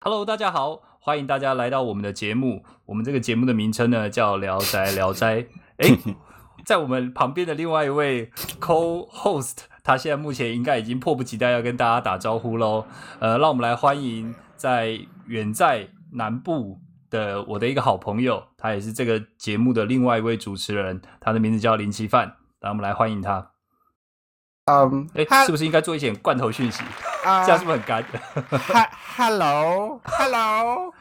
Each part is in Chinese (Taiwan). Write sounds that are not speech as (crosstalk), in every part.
Hello，大家好，歡迎大家來到我們的節目。我們這個節目的名稱呢叫，聊《聊宅聊哉》。誒，在我們旁邊的另外一位 co-host，他現在目前應該已經迫不及待要跟大家打招呼嘍。呃，讓我們來歡迎在遠在南部的我的一個好朋友，他也是這個節目的另外一位主持人，他的名字叫林奇範。讓我們來歡迎他。嗯，哎，是不是應該做一些罐頭訊息？這樣是不是很乾？哈、uh, (laughs) ，Hello，Hello，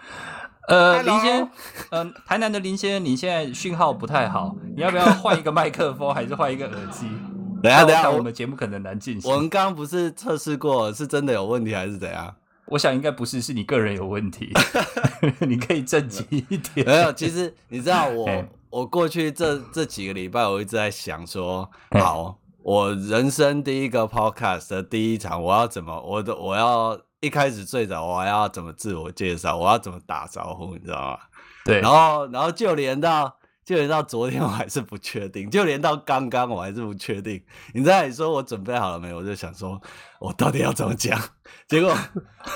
呃，Hello? 林先，嗯、呃，台南的林先，你現在訊號不太好，你要不要換一個麥克風，還是換一個耳機？ (laughs) 等一下，等一下，我們節目可能難進行。我們剛剛不是測試過，是真的有問題還，剛剛是是問題還是怎樣？我想應該不是，是你個人有問題。 (laughs) (laughs) 你可以正經一點。 (laughs) 沒有，其實你知道我，我過去這這幾個禮拜，我一直在想說，好。 (laughs) 我人生第一個 podcast 的第一場，我要怎麼？我的我要一開始最早，我還要怎麼自我介紹？我要怎麼打招呼？你知道嗎？對。然後，然後就連到就連到昨天，我還是不確定。就連到剛剛，我還是不確定。你知道你說我準備好了沒有？我就想說，我到底要怎麼講？結果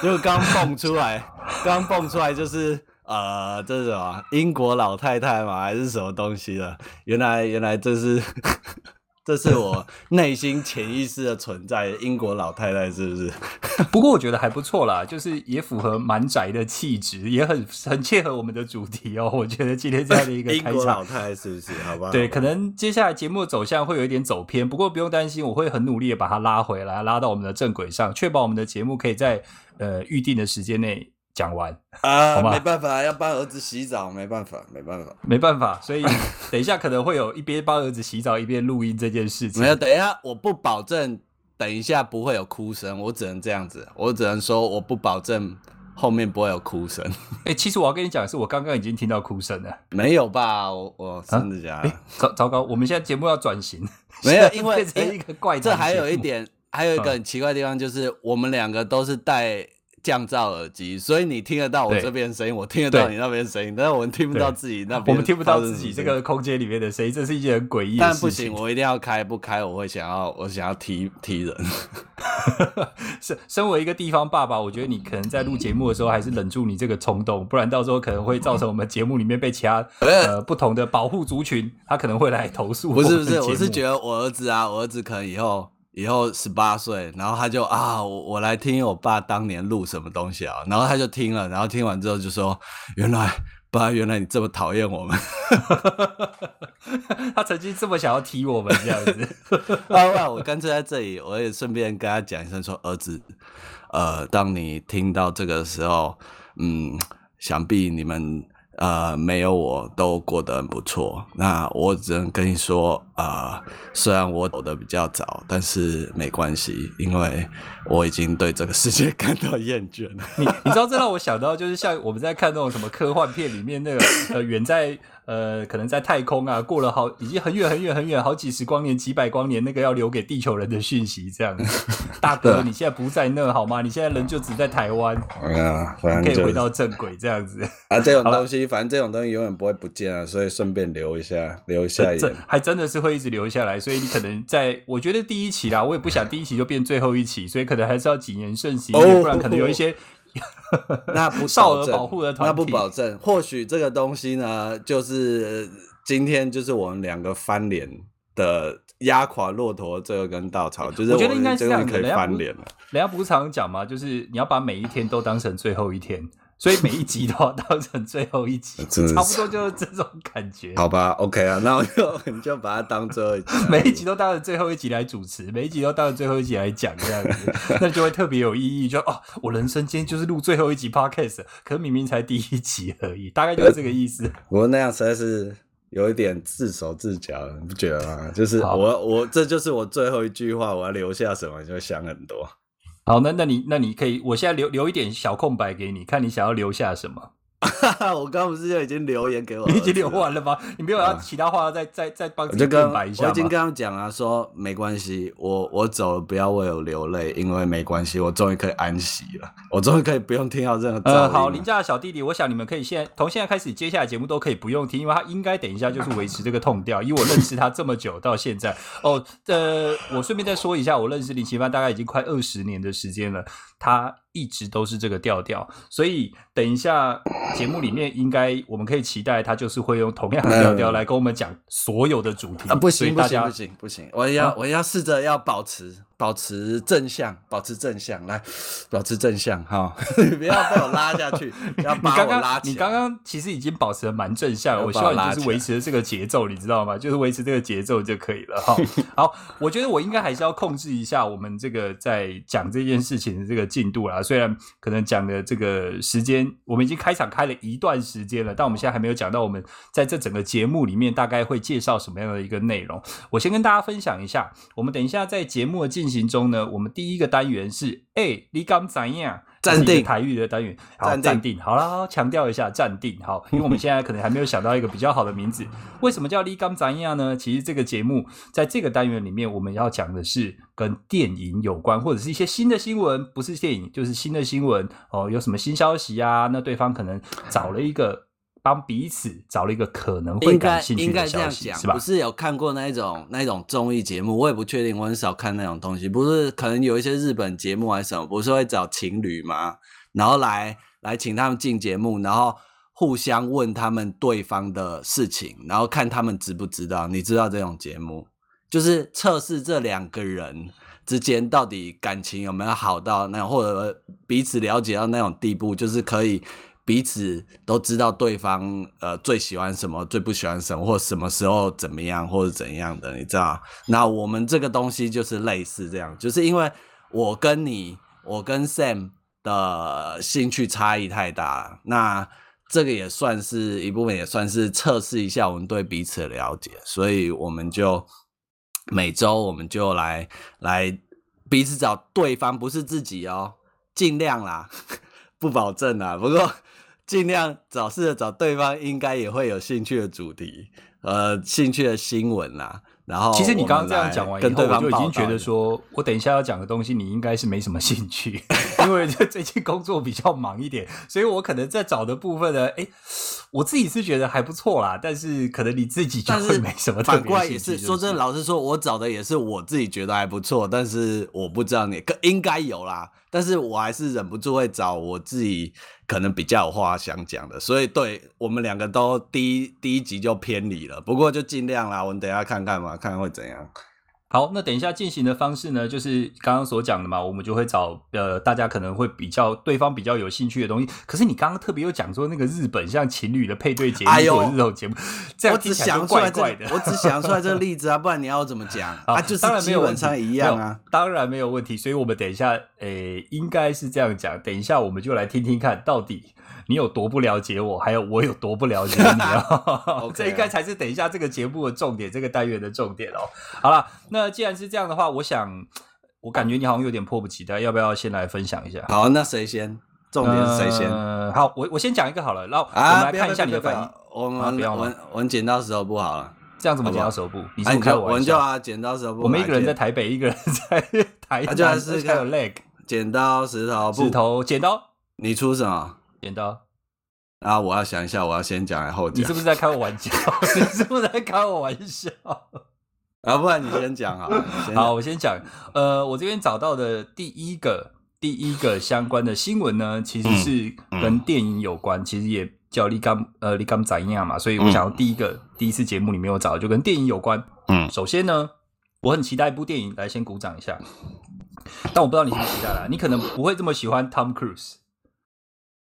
結果剛蹦出來，剛 (laughs) 蹦出來就是呃，這是什麼？英國老太太嗎？還是什麼東西的？原來原來這是。 (laughs) 這是我內心潛意識的存在，英國老太太是不是？ (laughs) 不過我覺得還不錯啦，就是也符合蠻宅的氣質，也很很切合我們的主題哦。我覺得今天這樣的一個開場， (laughs) 英國老太太是不是？好吧，對，可能接下來節目的走向會有一點走偏，不過不用擔心，我會很努力的把它拉回來，拉到我們的正軌上，確保我們的節目可以在呃預定的時間內。講完啊、呃，沒辦法，要幫兒子洗澡，沒辦法，沒辦法，沒辦法，所以等一下可能會有一邊幫兒子洗澡 (laughs) 一邊錄音這件事情。沒有，等一下，我不保證等一下不會有哭聲，我只能這樣子，我只能說我不保證後面不會有哭聲 (laughs) 、欸。其實我要跟你講的是我剛剛已經聽到哭聲了。沒有吧？我我真的假的？糟、啊欸、糟糕，我們現在節目要轉型，沒有，因為、欸、這，這還有一點，還有一個很奇怪的地方就是，我們兩個都是帶。降噪耳機，所以你聽得到我這邊的聲音，我聽得到你那邊的聲音，但是我們聽不到自己那邊。我們聽不到自己這個空間裡面的聲音，這是一件很詭異的事情。但不行，我一定要開，不開我會想要我想要踢踢人。 (laughs) 身身為一個地方爸爸，我覺得你可能在錄節目的時候，還是忍住你這個衝動，不然到時候可能會造成我們節目裡面被其他呃不同的保護族群，他可能會來投訴我。不是不是，我是覺得我兒子啊，我兒子可能以後。以後十八歲，然後他就啊，我我來聽我爸當年錄什麼東西啊，然後他就聽了，然後聽完之後就說，原來爸，原來你這麼討厭我們。 (laughs) 他曾經這麼想要提我們這樣子，那、 (laughs) 啊啊、我乾脆在這裡，我也順便跟他講一聲，說兒子，呃，當你聽到這個時候，嗯，想必你們。呃，沒有我，我都過得很不錯。那我只能跟你說，啊、呃，雖然我走得比較早，但是沒關係，因為我已經對這個世界感到厭倦了。 (laughs) 你你知道，這讓我想到，就是像我們在看那種什麼科幻片裡面那個 (laughs) 呃遠在。呃，可能在太空啊，過了好，已經很遠很遠很遠，好幾十光年，幾百光年，那個要留給地球人的訊息，這樣子。大哥， (laughs) 你現在不在那好嗎？你現在人就只在台灣、 (laughs) 啊就是，可以回到正軌這樣子。啊，這種東西， (laughs) 反正這種東西永遠不會不見啊，所以順便留一下，留下一下，呃。這還真的是會一直留下來，所以你可能在，我覺得第一期啦，我也不想第一期就變最後一期，所以可能還是要謹言慎行，不然可能有一些。哦 (laughs) 那不保 (laughs) 少兒保護的，那不保證。或許這個東西呢，就是今天就是我們兩個翻臉的壓垮駱駝這根稻草。就是我，我覺得應該是這樣可以翻臉了。人家不是常講嗎？就是你要把每一天都當成最後一天。所以每一集都要當成最後一集， (laughs) 差不多就是這種感覺。好吧，OK 啊，那我就，你就把它當做每一集都當成最後一集來主持，每一集都當成最後一集來講這樣子， (laughs) 那就會特別有意義。就哦，我人生今天就是錄最後一集 Podcast，可是明明才第一集而已，大概就是這個意思。我那樣實在是有一點自手自腳，你不覺得嗎？就是我我，我這就是我最後一句話，我要留下什麼，你就會想很多。好，那那你那你可以，我現在留留一點小空白給你，看你想要留下什麼。哈哈，我剛不是就已經留言給我，你已經留完了嗎？你沒有要其他話要再、呃、再再幫我就我已經跟他們講了，說沒關係，我我走了，不要為我流淚，因為沒關係，我終於可以安息了，我終於可以不用聽到任何。呃，好，林家的小弟弟，我想你們可以現在從現在開始，接下來節目都可以不用聽，因為他應該等一下就是維持這個痛調， (laughs) 以我認識他這麼久到現在。哦，呃，我順便再說一下，我認識林奇帆大概已經快二十年的時間了，他，一直都是這個調調，所以等一下節目裡面應該我們可以期待他就是會用同樣的調調來跟我們講所有的主題。沒沒啊！不行不行不行不行，我要、嗯、我要試着要保持。保持正向，保持正向，來，保持正向，哈， (laughs) 不要被我拉下去， (laughs) 不要把我拉起來，你剛剛 (laughs) 其實已經保持的蠻正向，我希望你就是維持這個節奏，你知道嗎？就是維持這個節奏就可以了，哈。好， (laughs) 我覺得我應該還是要控制一下我們這個在講這件事情的這個進度啦。雖然可能講的這個時間，我們已經開場開了一段時間了，但我們現在還沒有講到我們在這整個節目裡面大概會介紹什麼樣的一個內容。我先跟大家分享一下，我們等一下在節目的進行。行中呢，我們第一個單元是哎、欸，你講怎樣？暫定台語的單元，好，暫定，定，好了，強調一下，暫定，好，因為我們現在可能還沒有想到一個比較好的名字。 (laughs) 為什麼叫你講怎樣呢？其實這個節目在這個單元裡面，我們要講的是跟電影有關，或者是一些新的新聞，不是電影就是新的新聞哦、呃。有什麼新消息啊？那對方可能找了一個。幫彼此找了一個可能會感興趣的消息，應該應該這樣講吧？不是有看過那一種那一種綜藝節目？我也不確定，我很少看那種東西。不是可能有一些日本節目還是什麼，不是會找情侶嗎？然後來來請他們進節目，然後互相問他們對方的事情，然後看他們知不知道？你知道這種節目，就是測試這兩個人之間到底感情有沒有好到那，或者彼此了解到那種地步，就是可以。彼此都知道對方呃最喜歡什麼，最不喜歡什麼，或什麼時候怎麼樣或者怎樣的，你知道？那我們這個東西就是類似這樣，就是因為我跟你，我跟 Sam 的興趣差異太大了，那這個也算是一部分，也算是測試一下我們對彼此的了解，所以我們就每周我們就來來彼此找對方，不是自己哦，盡量啦，不保證啦，不過。 (laughs) 盡量找試着找對方應該也會有興趣的主題，呃，興趣的新聞啊。然後其實你剛剛這樣講完以後，我就已經覺得說，我等一下要講的東西，你應該是沒什麼興趣。 (laughs) (laughs) 因為最近工作比較忙一點，所以我可能在找的部分呢，哎、欸，我自己是覺得還不錯啦，但是可能你自己就是沒什麼的、就是。反過來也是，說真的，老實說，我找的也是我自己覺得還不錯，但是我不知道哪個應該有啦，但是我還是忍不住會找我自己可能比較有話想講的，所以對，我們兩個都第一第一集就偏離了，不過就盡量啦，我們等一下看看嘛，看看會怎樣。好，那等一下進行的方式呢，就是剛剛所講的嘛，我們就會找呃，大家可能會比較對方比較有興趣的東西。可是你剛剛特別有講說那個日本像情侶的配對節目，目，哎呦，這種節目，這樣聽起來就怪怪的，我只想出來這個，我只想出來這個例子啊， (laughs) 不然你要怎麼講啊？就是基本上一樣啊，當然沒有問題。問題，所以我們等一下，誒、欸，應該是這樣講。等一下，我們就來聽聽看，到底。你有多不了解我，還有我有多不了解你哦。 (laughs) Okay, (laughs) 這應該才是等一下這個節目的重點，這個單元的重點哦。好了，那既然是這樣的話，我想，我感覺你好像有點迫不及待，要不要先來分享一下？好，那誰先？重點是誰先，呃？好，我我先講一個好了，然後我們來看一下你的反應。啊啊、我們，我們，我，們、啊、我們我們剪刀石頭布好了，這樣怎麼、啊、剪刀石頭布？你先開玩笑？啊！我們剪刀石頭布，我們一個人在台北，一個人在台，北個人在台，他就還是還有 lag。剪刀石頭布石頭，剪刀，你出什麼？剪刀啊！我要想一下，我要先講，然後你是不是在開我玩笑？ (laughs) (laughs) 你是不是在開我玩笑？啊，不然你先講啊！ (laughs) 好，我先講。呃，我這邊找到的第一個、第一個相關的新聞呢，其實是跟電影有關，嗯、其實也叫利甘，呃，利甘尼亞嘛。所以，我想要第一個、嗯、第一次節目裡面我找的，就跟電影有關。嗯，首先呢，我很期待一部電影，來先鼓掌一下。但我不知道你是期待了、啊，你可能不會這麼喜歡 Tom Cruise。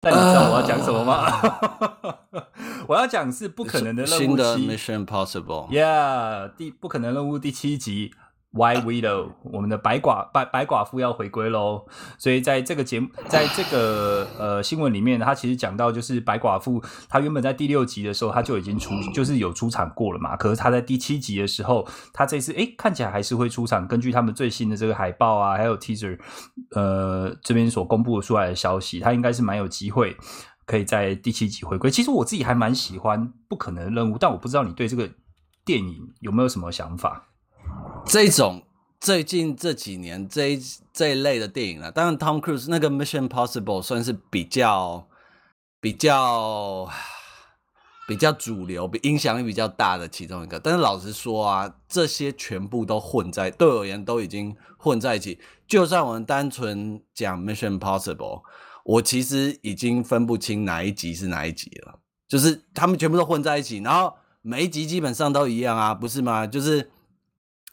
但你知道我要講什麼嗎？Uh, (laughs) 我要講是不可能的任務第七集，Mission Impossible, yeah, 第不可能任務第七集。White Widow，我們的白寡白白寡婦要回歸嘍！所以在這個節目，在這個呃新聞裡面，他其實講到就是白寡婦，他原本在第六集的時候他就已經出，就是有出場過了嘛。可是他在第七集的時候，他這次哎看起來還是會出場。根據他們最新的這個海報啊，還有 teaser，呃這邊所公布的出來的消息，他應該是蠻有機會可以在第七集回歸。其實我自己還蠻喜歡不可能的任務，但我不知道你對這個電影有沒有什麼想法。這種最近這幾年這一這一類的電影啊，當然 Tom Cruise 那個 Mission Impossible 算是比較比較比較主流，比影響力比較大的其中一個。但是老實說啊，這些全部都混在，對我而言都已經混在一起。就算我們單純講 Mission Impossible，我其實已經分不清哪一集是哪一集了，就是他們全部都混在一起，然後每一集基本上都一樣啊，不是嗎？就是。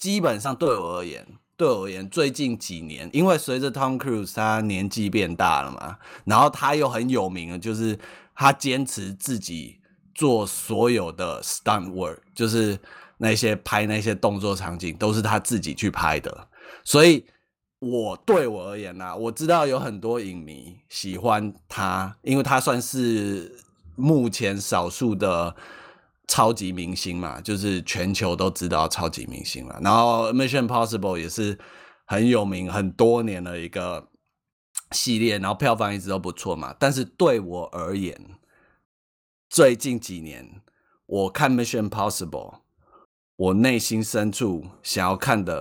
基本上對我而言，對我而言，最近幾年，因為隨着 Tom Cruise 他年紀變大了嘛，然後他又很有名的就是他堅持自己做所有的 stunt work，就是那些拍那些動作場景都是他自己去拍的。所以我，我對我而言呢，啊，我知道有很多影迷喜歡他，因為他算是目前少數的。超級明星嘛，就是全球都知道超級明星了。然後《Mission Impossible》也是很有名、很多年的一個系列，然後票房一直都不錯嘛。但是對我而言，最近幾年我看《Mission Impossible》，我內心深處想要看的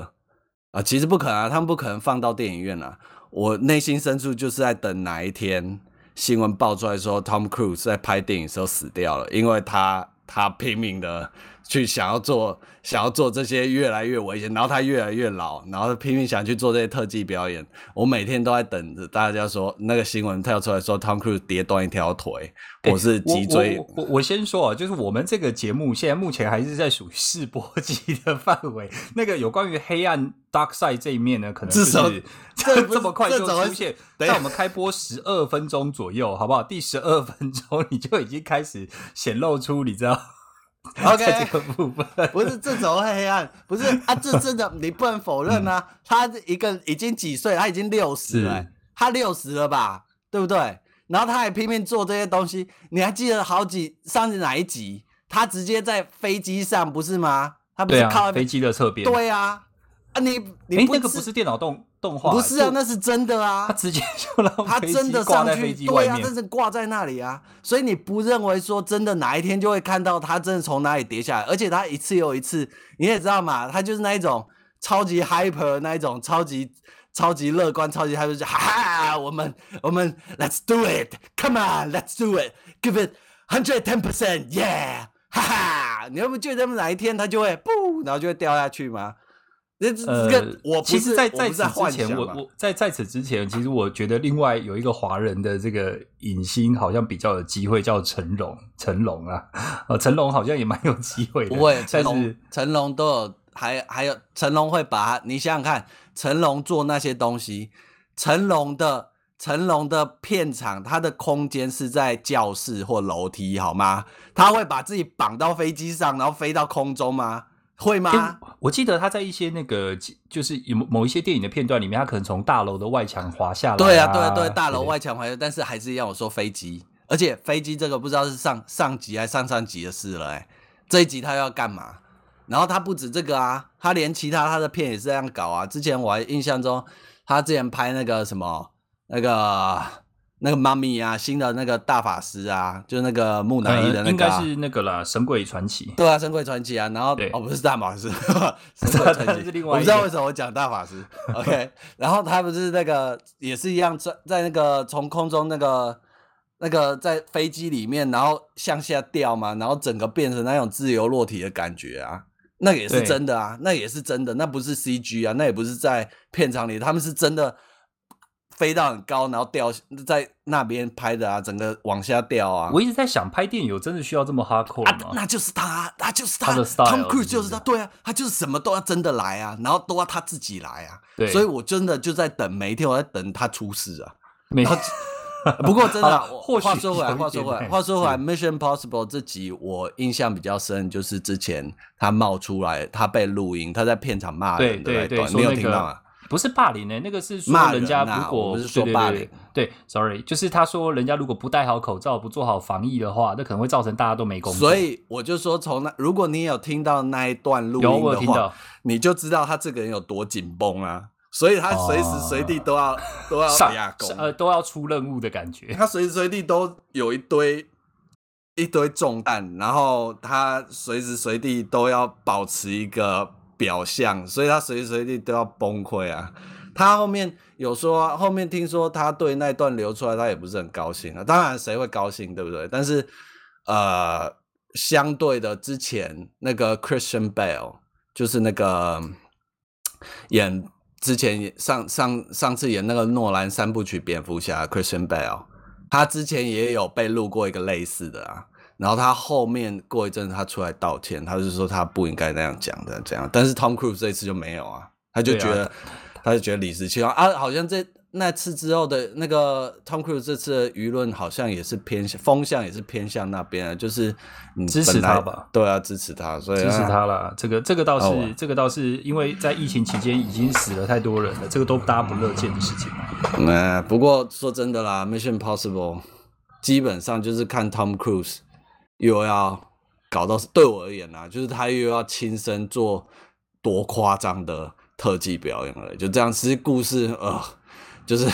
啊、呃，其實不可能、啊，他們不可能放到電影院啊，我內心深處就是在等哪一天新聞爆出來說 Tom Cruise 在拍電影的時候死掉了，因為他。他拼命的，去想要做，想要做這些越來越危險，然後他越來越老，然後他拼命想去做這些特技表演。我每天都在等着大家說那個新聞，跳出來說 Tom Cruise 跌斷一條腿。欸，我是脊椎。我我，我，我先說啊，就是我們這個節目現在目前還是在屬於試播集的範圍。那個有關於黑暗 dark side 這一面呢，可能，就是，至少這是這，這麼快就出現，在我們開播十二分鐘左右，好不好？第十二分鐘你就已經開始顯露出，你知道嗎？O.K. (laughs) 不是正走黑暗，不是啊，這真的 (laughs) 你不能否認啊、嗯。他一個已經幾歲？他已經六十了，他六十了吧？對不對？然後他還拼命做這些東西。你還記得好幾上次哪一集？他直接在飛機上不是嗎？他不是靠、啊、飛機的側邊。對啊，啊你你那個不是電腦動。動畫欸、不是啊不，那是真的啊，他直接就讓他真的上去，對啊真的掛在那裡啊，所以你不認為說真的哪一天就會看到他真的從哪裡跌下來？而且他一次又一次，你也知道嘛，他就是那一種超級 hyper 那一種超級超級樂觀、超級 hyper 就哈哈，我們我們 Let's do it，Come on，Let's do it，Give it hundred ten percent，Yeah，哈哈，你要不就那麼哪一天他就會不，然後就會掉下去嗎？那、呃、我，其實，在在此之前，我我，我在在此之前，其實我覺得另外有一個華人的這個影星好像比較有機會，叫成龍，成龍啊，啊，成龍好像也蠻有機會的。不會，成龍成龍都有，還還有成龍會把他，你想想看，成龍做那些東西，成龍的成龍的片場，他的空間是在教室或樓梯，好嗎？他會把自己綁到飛機上，然後飛到空中嗎？會嗎？我記得他在一些那個，就是某某一些電影的片段裡面，他可能從大樓的外牆滑下來啊。對啊，對啊，對啊，大樓外牆滑下，但是還是要我說飛機，而且飛機這個不知道是上上集還是上上集的事了，欸。這一集他要幹嘛？然後他不止這個啊，他連其他他的片也是這樣搞啊。之前我還印象中，他之前拍那個什麼那個。那個媽咪啊，新的那個大法師啊，就是那個木乃伊的那個，應該是那個了，《神鬼傳奇》對啊，《神鬼傳奇》啊，然後哦，不是大法師， (laughs) 《神鬼傳奇》是另外，我不知道為什麼我講大法師 (laughs) ，OK？然後他不是那個也是一樣，在在那個從空中那個那個在飛機裡面，然後向下掉嘛，然後整個變成那種自由落體的感覺啊，那也是真的啊，那也是真的，那不是 CG 啊，那也不是在片場裡，他們是真的。飛到很高，然後掉在那邊拍的啊，整個往下掉啊！我一直在想，拍電影真的需要這麼 hardcore 啊，那就是他，他就是他的 style，Tom Cruise 就是他，啊，對啊，他就是什麼都要真的來啊，然後都要他自己來啊。所以我真的就在等，每一天我在等他出事啊。沒錯， (laughs) (laughs) 不過真的，或許話說回來，話說回來，話說回來，《Mission Impossible》這集我印象比較深，就是之前他冒出來，他被錄音，他在片場罵人的那段對對對，你有聽到嗎？對對對不是霸凌誒、欸，那個是說人家如果、啊、不是說霸凌，對，對，對，對，對，sorry，就是他說人家如果不戴好口罩、不做好防疫的話，那可能會造成大家都沒工作。所以我就說，從那如果你有聽到那一段錄音的話，有，我有聽到。你就知道他這個人有多緊繃啊，所以他隨時隨地都要、啊、都要 (laughs) 上，上呃，都要出任務的感覺。他隨時隨地都有一堆一堆重擔，然後他隨時隨地都要保持一個。表象，所以他隨時隨地都要崩潰啊！他後面有說，後面聽說他對那一段流出來，他也不是很高興啊。當然，誰會高興，對不對？但是，呃，相對的，之前那個 Christian Bale，就是那個演之前上上上次演那個諾蘭三部曲《蝙蝠俠》的 Christian Bale，他之前也有被錄過一個類似的啊。然後他後面過一陣，他出來道歉，他就是說他不應該那樣講的，這樣。但是 Tom Cruise 這一次就沒有啊，他就覺得，啊、他就覺得理直氣壯啊。好像這那次之後的那個 Tom Cruise 這次的輿論好像也是偏向風向也是偏向那邊啊，就是你支持他吧，對啊，支持他，所以支持他了、啊。這個這個倒是、oh, 這個倒是因為在疫情期間已經死了太多人了，這個都大家不樂見的事情、嗯。不過說真的啦，《Mission Possible》基本上就是看 Tom Cruise。又要搞到，對我而言啊，就是他又要親身做多誇張的特技表演了。就這樣，其實故事呃，就是誒、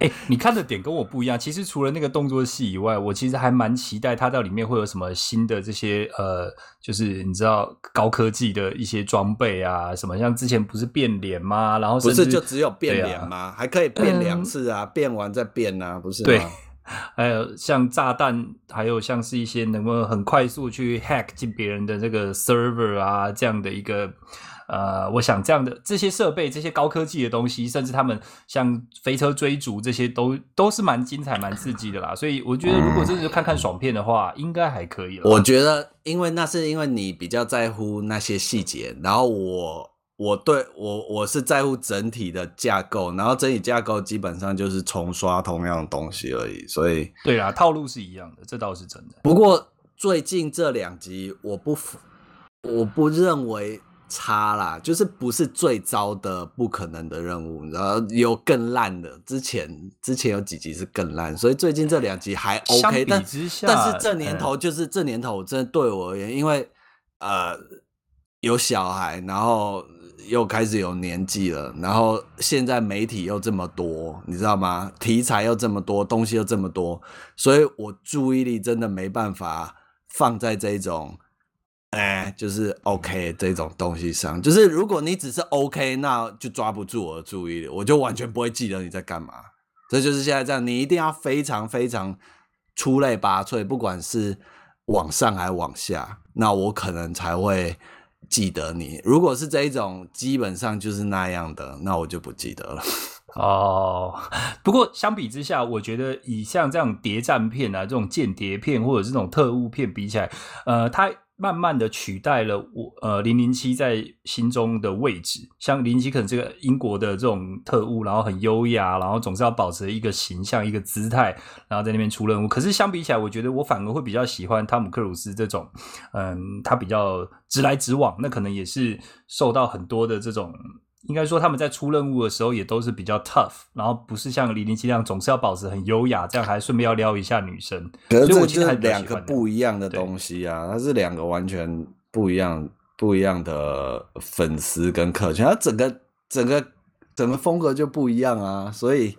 欸、你看的點跟我不一樣。其實除了那個動作戲以外，我其實還蠻期待他到裡面會有什麼新的這些呃，就是你知道高科技的一些裝備啊，什麼像之前不是變臉嗎？然後不是就只有變臉嗎？啊、還可以變兩次啊、嗯，變完再變啊，不是嗎？對。還有像炸彈，還有像是一些能夠很快速去 hack 進別人的這個 server 啊，這樣的一個，呃，我想這樣的這些設備，這些高科技的東西，甚至他們像飛車追逐這些都都是蠻精彩、蠻刺激的啦。所以我覺得，如果真的是就看看爽片的話，應該還可以。我覺得，因為那是因為你比較在乎那些細節，然後我。我對我我是在乎整體的架構，然後整體架構基本上就是重刷同樣的東西而已，所以對啊，套路是一樣的，這倒是真的。不過最近這兩集我不我不認為差啦，就是不是最糟的不可能的任務，然後有更爛的。之前之前有幾集是更爛，所以最近這兩集還 OK。但但是這年頭就是、嗯、這年頭，我真的對我而言，因為呃有小孩，然後。又開始有年紀了，然後現在媒體又這麼多，你知道嗎？題材又這麼多，東西又這麼多，所以我注意力真的沒辦法放在這種，哎、欸，就是 OK 這種東西上。就是如果你只是 OK，那就抓不住我的注意力，我就完全不會記得你在幹嘛。這就是現在這樣，你一定要非常非常出類拔萃，不管是往上還是往下，那我可能才會。記得你，如果是這一種，基本上就是那樣的，那我就不記得了。哦，不過相比之下，我覺得以像這樣諜戰片啊，這種間諜片或者這種特務片比起來，呃，它。慢慢的取代了我呃，零零七在心中的位置，像零零七可能這個英國的這種特務，然後很優雅，然後總是要保持一個形象，一個姿態，然後在那邊出任務。可是相比起來，我覺得我反而會比較喜歡湯姆克魯斯這種，嗯，他比較直來直往。那可能也是受到很多的這種。應該說他們在出任務的時候也都是比較 tough，然後不是像李連傑那樣總是要保持很優雅，這樣還順便要撩一下女生。對，所以我覺得是兩個不一樣的東西啊，它是兩個完全不一樣、不一樣的粉絲跟客群，它整個整個整個風格就不一樣啊，所以。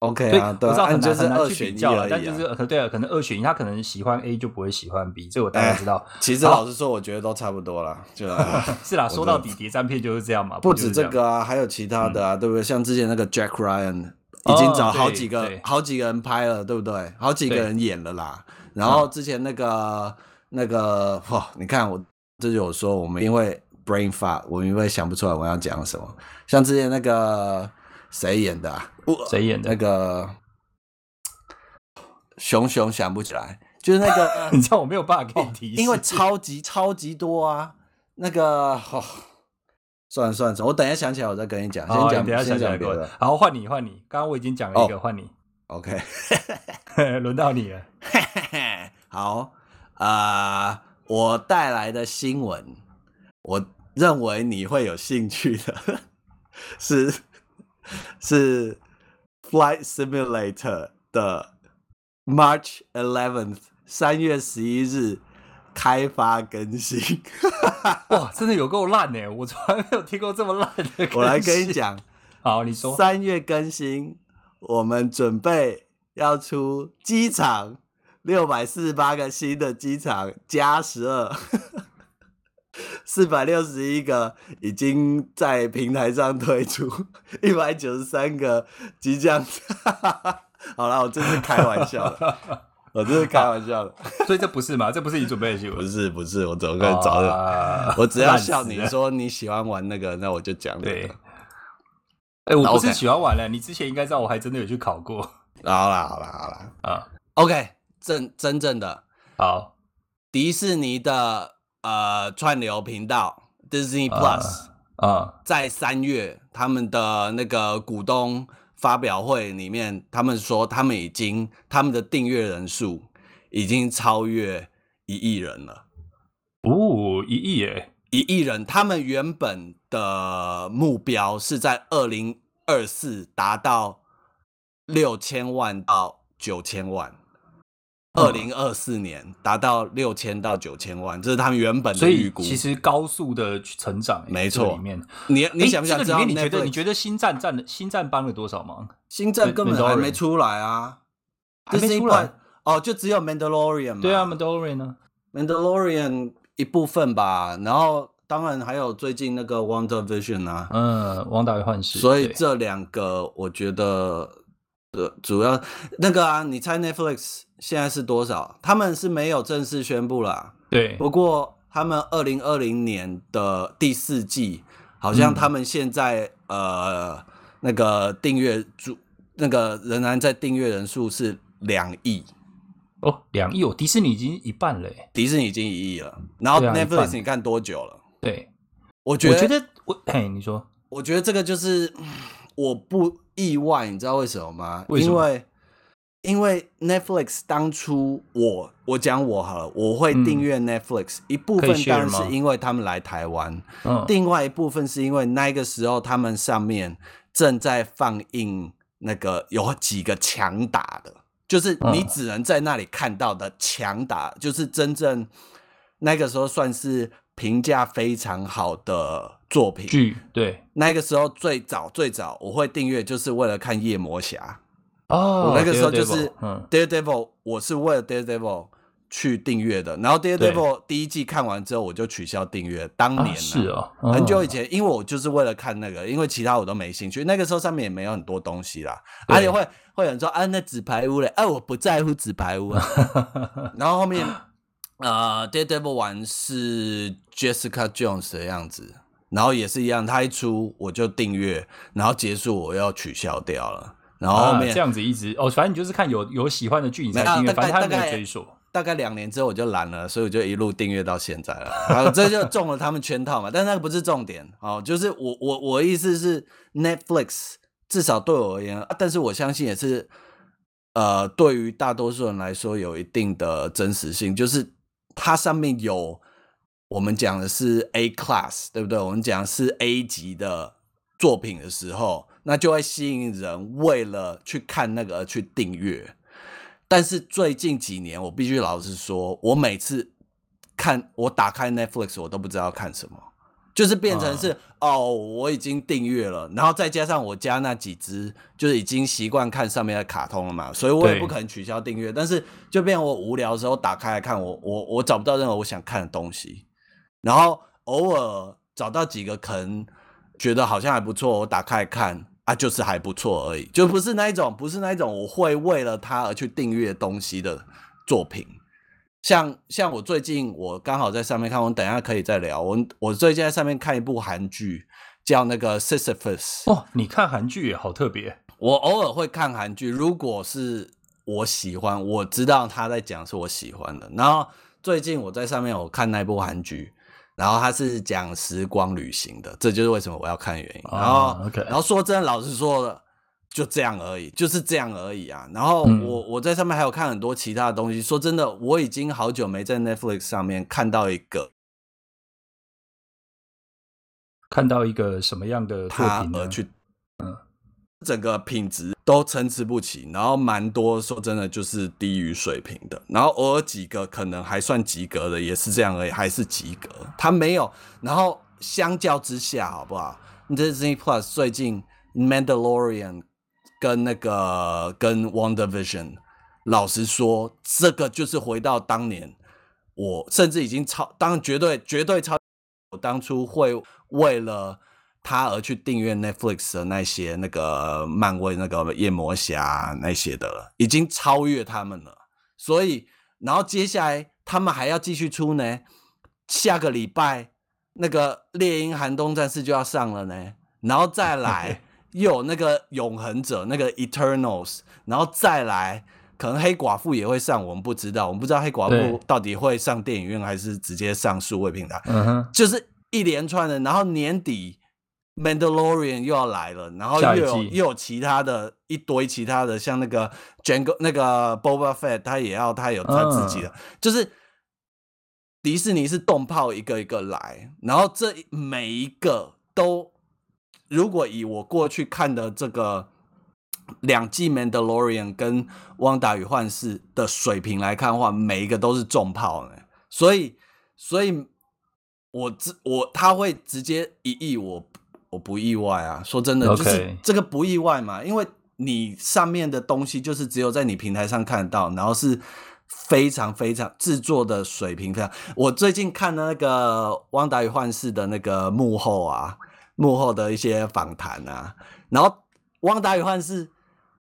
OK 啊，對，我知道、嗯、就是二選一、啊、而已、啊，但就是對啊，可能二選一，他可能喜歡 A 就不會喜歡 B，所以我大概知道、欸。其實老實說，我覺得都差不多了，就、啊。 (laughs) 是啦，說到底，諜戰片就是這樣嘛不就是這樣。不止這個啊，還有其他的啊，嗯、對不對？像之前那個 Jack Ryan、哦、已經找好幾個、好幾個人拍了，對不對？好幾個人演了啦。然後之前那個、嗯、那個，嚯！你看我，這就有說我們因為 brain fart，我因為想不出來我要講什麼。像之前那個。誰演、啊呃、演的？誰演的那個熊熊想不起來，就是那個， (laughs) 你知道我沒有辦法給你提示，因為超級超級多啊。 (laughs) 那個算了、算了算了，我等一下想起來我再跟你講，先講、oh, 先講別的。好，換你換你，剛剛我已經講了一個，換、oh, 你。OK，輪 (laughs) (laughs) 到你了。 (laughs) 好，啊、呃，我帶來的新聞，我認為你會有興趣的， (laughs) 是。是 Flight Simulator 的 March Eleventh 三月十一日開發更新， (laughs) 哇，真的有夠爛呢，我從來沒有聽過這麼爛的。我來跟你講，好，你說。三月更新，我們準備要出機場六百四十八個新的機場加十二。 (laughs) 四百六十一個已經在平台上推出，一百九十三個即將。 (laughs) 好了，我真是開玩笑，我真是開玩笑的。 (laughs) 我是開玩笑的，所以這不是嘛？ (laughs) 這不是你準備的行為？不是，不是，我怎麼可以找你？Oh, 我只要笑你說你喜歡玩那個， (laughs) 那我就講。你。哎、欸，我不是喜歡玩了， (laughs) 你之前應該知道，我還真的有去考過。好了，好了，好了，啊 (laughs) ，OK，真真正的，好，迪士尼的。呃、uh,，串流頻道 Disney Plus 啊，uh, uh. 在三月他們的那個股東發表會裡面，他們說他們已經他們的訂閱人數已經超越一億人了。哦，一億哎，一億人。他們原本的目標是在二零二四達到六千萬到九千萬。二零二四年達到六千到九千萬，嗯，這是他們原本的預估。其實高速的成長，欸，沒錯。你你想不想知道，欸？這個，你覺得你覺得新戰站的新站搬了多少嗎？新戰根本還沒出來啊，這是一還沒出來哦，就只有《Mandalorian》嘛。對啊，啊《Mandalorian》呢，《Mandalorian》一部分吧。然後當然還有最近那個《Wanda Vision》啊，嗯，《Wanda 幻視》。所以這兩個我覺得呃，主要那個啊，你猜 Netflix？現在是多少？他們是沒有正式宣布啦、啊。對，不過他們二零二零年的第四季，好像他們現在、嗯、呃那個訂閱數那個仍然在訂閱人數是兩億哦，兩億哦，迪士尼已經一半了，迪士尼已經一億了。然後 Netflix 你看多久了？對啊，對，我覺得我哎，你說，我覺得這個就是我不意外，你知道為什麼嗎？為什麼？因為。因為 Netflix 當初我、我講我講我和我會訂閱 Netflix，嗯，一部分當然是因為他們來台灣，嗯，另外一部分是因為那個時候他們上面正在放映那個有幾個強打的，就是你只能在那裡看到的強打，嗯，就是真正那個時候算是評價非常好的作品，劇，對，那個時候最早最早我會訂閱就是為了看夜魔俠。哦、oh，那個時候就是 Daredevil, 嗯，Daredevil，我是為了 Daredevil 去訂閱的，然後 Daredevil 第一季看完之後，我就取消訂閱。當年是、啊啊、很久以前、嗯，因為我就是為了看那個，因為其他我都沒興趣。那個時候上面也沒有很多東西啦，而且、啊、會會有人說，啊，那紙牌屋嘞？哎、啊，我不在乎紙牌屋。 (laughs) 然後後面啊、呃、Daredevil 玩是 Jessica Jones 的樣子，然後也是一樣，他一出我就訂閱，然後結束我要取消掉了。然後後面、啊、這樣子一直哦，反正你就是看有有喜歡的劇你才訂閱、啊，反正他沒追溯。大概兩年之後我就懶了，所以我就一路訂閱到現在了。然後這就中了他們圈套嘛？ (laughs) 但那個不是重點哦，就是我我我意思是，Netflix 至少對我而言、啊，但是我相信也是，呃，對於大多數人來說有一定的真實性，就是它上面有我們講的是 A class，對不對？我們講的是 A 級的作品的時候。那就會吸引人為了去看那個而去訂閱，但是最近幾年我必須老實說，我每次看我打開 Netflix，我都不知道看什麼，就是變成是哦，我已經訂閱了，然後再加上我家那幾隻，就是已經習慣看上面的卡通了嘛，所以我也不可能取消訂閱，但是就變我無聊的時候打開來看，我我我找不到任何我想看的東西，然後偶爾找到幾個可能覺得好像還不錯，我打開來看。啊，就是還不錯而已，就不是那一種，不是那一種，我會為了它而去訂閱東西的作品。像像我最近，我剛好在上面看，我等一下可以再聊。我我最近在上面看一部韓劇，叫那個《Sisyphus》。哦，你看韓劇也好特別。我偶爾會看韓劇，如果是我喜歡，我知道他在講是我喜歡的。然後最近我在上面我看那部韓劇。然後他是講時光旅行的，這就是為什麼我要看的原因。然後，oh, okay. 然後說真的，老實說了，就這樣而已，就是這樣而已啊。然後我、嗯、我在上面還有看很多其他的東西。說真的，我已經好久沒在 Netflix 上面看到一個，看到一個什麼樣的作品而去。嗯整個品質都參差不齊，然後蠻多說真的就是低於水平的，然後偶爾幾個可能還算及格的，也是這樣而已，還是及格，他沒有。然後相較之下，好不好？Disney Plus 最近《Mandalorian》跟那個跟《WandaVision》，老實說，這個就是回到當年，我甚至已經超，當絕對絕對超我當初會為了。他而去訂閱 Netflix 的那些那個漫威，那個夜魔俠那些的了，已經超越他們了。所以，然後接下來他們還要繼續出呢。下個禮拜那個獵鷹寒冬戰士就要上了呢。然後再來、Okay. 又有那個永恆者那個 Eternals，然後再來可能黑寡婦也會上，我們不知道，我們不知道黑寡婦到底會上電影院還是直接上數位平台，Uh-huh. 就是一連串的。然後年底。《Mandalorian》又要來了，然後又有又有其他的一堆其他的，像那個《Jango》那個《Boba Fett》，他也要他有他自己的，嗯、就是迪士尼是動炮一個一個來，然後這每一個都，如果以我過去看的這個兩季《Mandalorian》跟《汪達與幻視》的水平來看的話，每一個都是重炮呢、欸，所以所以我，我直我他會直接一億我。我不意外啊，說真的，就是這個不意外嘛，okay. 因為你上面的東西就是只有在你平台上看到，然後是非常非常制作的水平非常。我最近看了那個《汪達與幻視》的那個幕後啊，幕後的一些訪談啊，然後《汪達與幻視》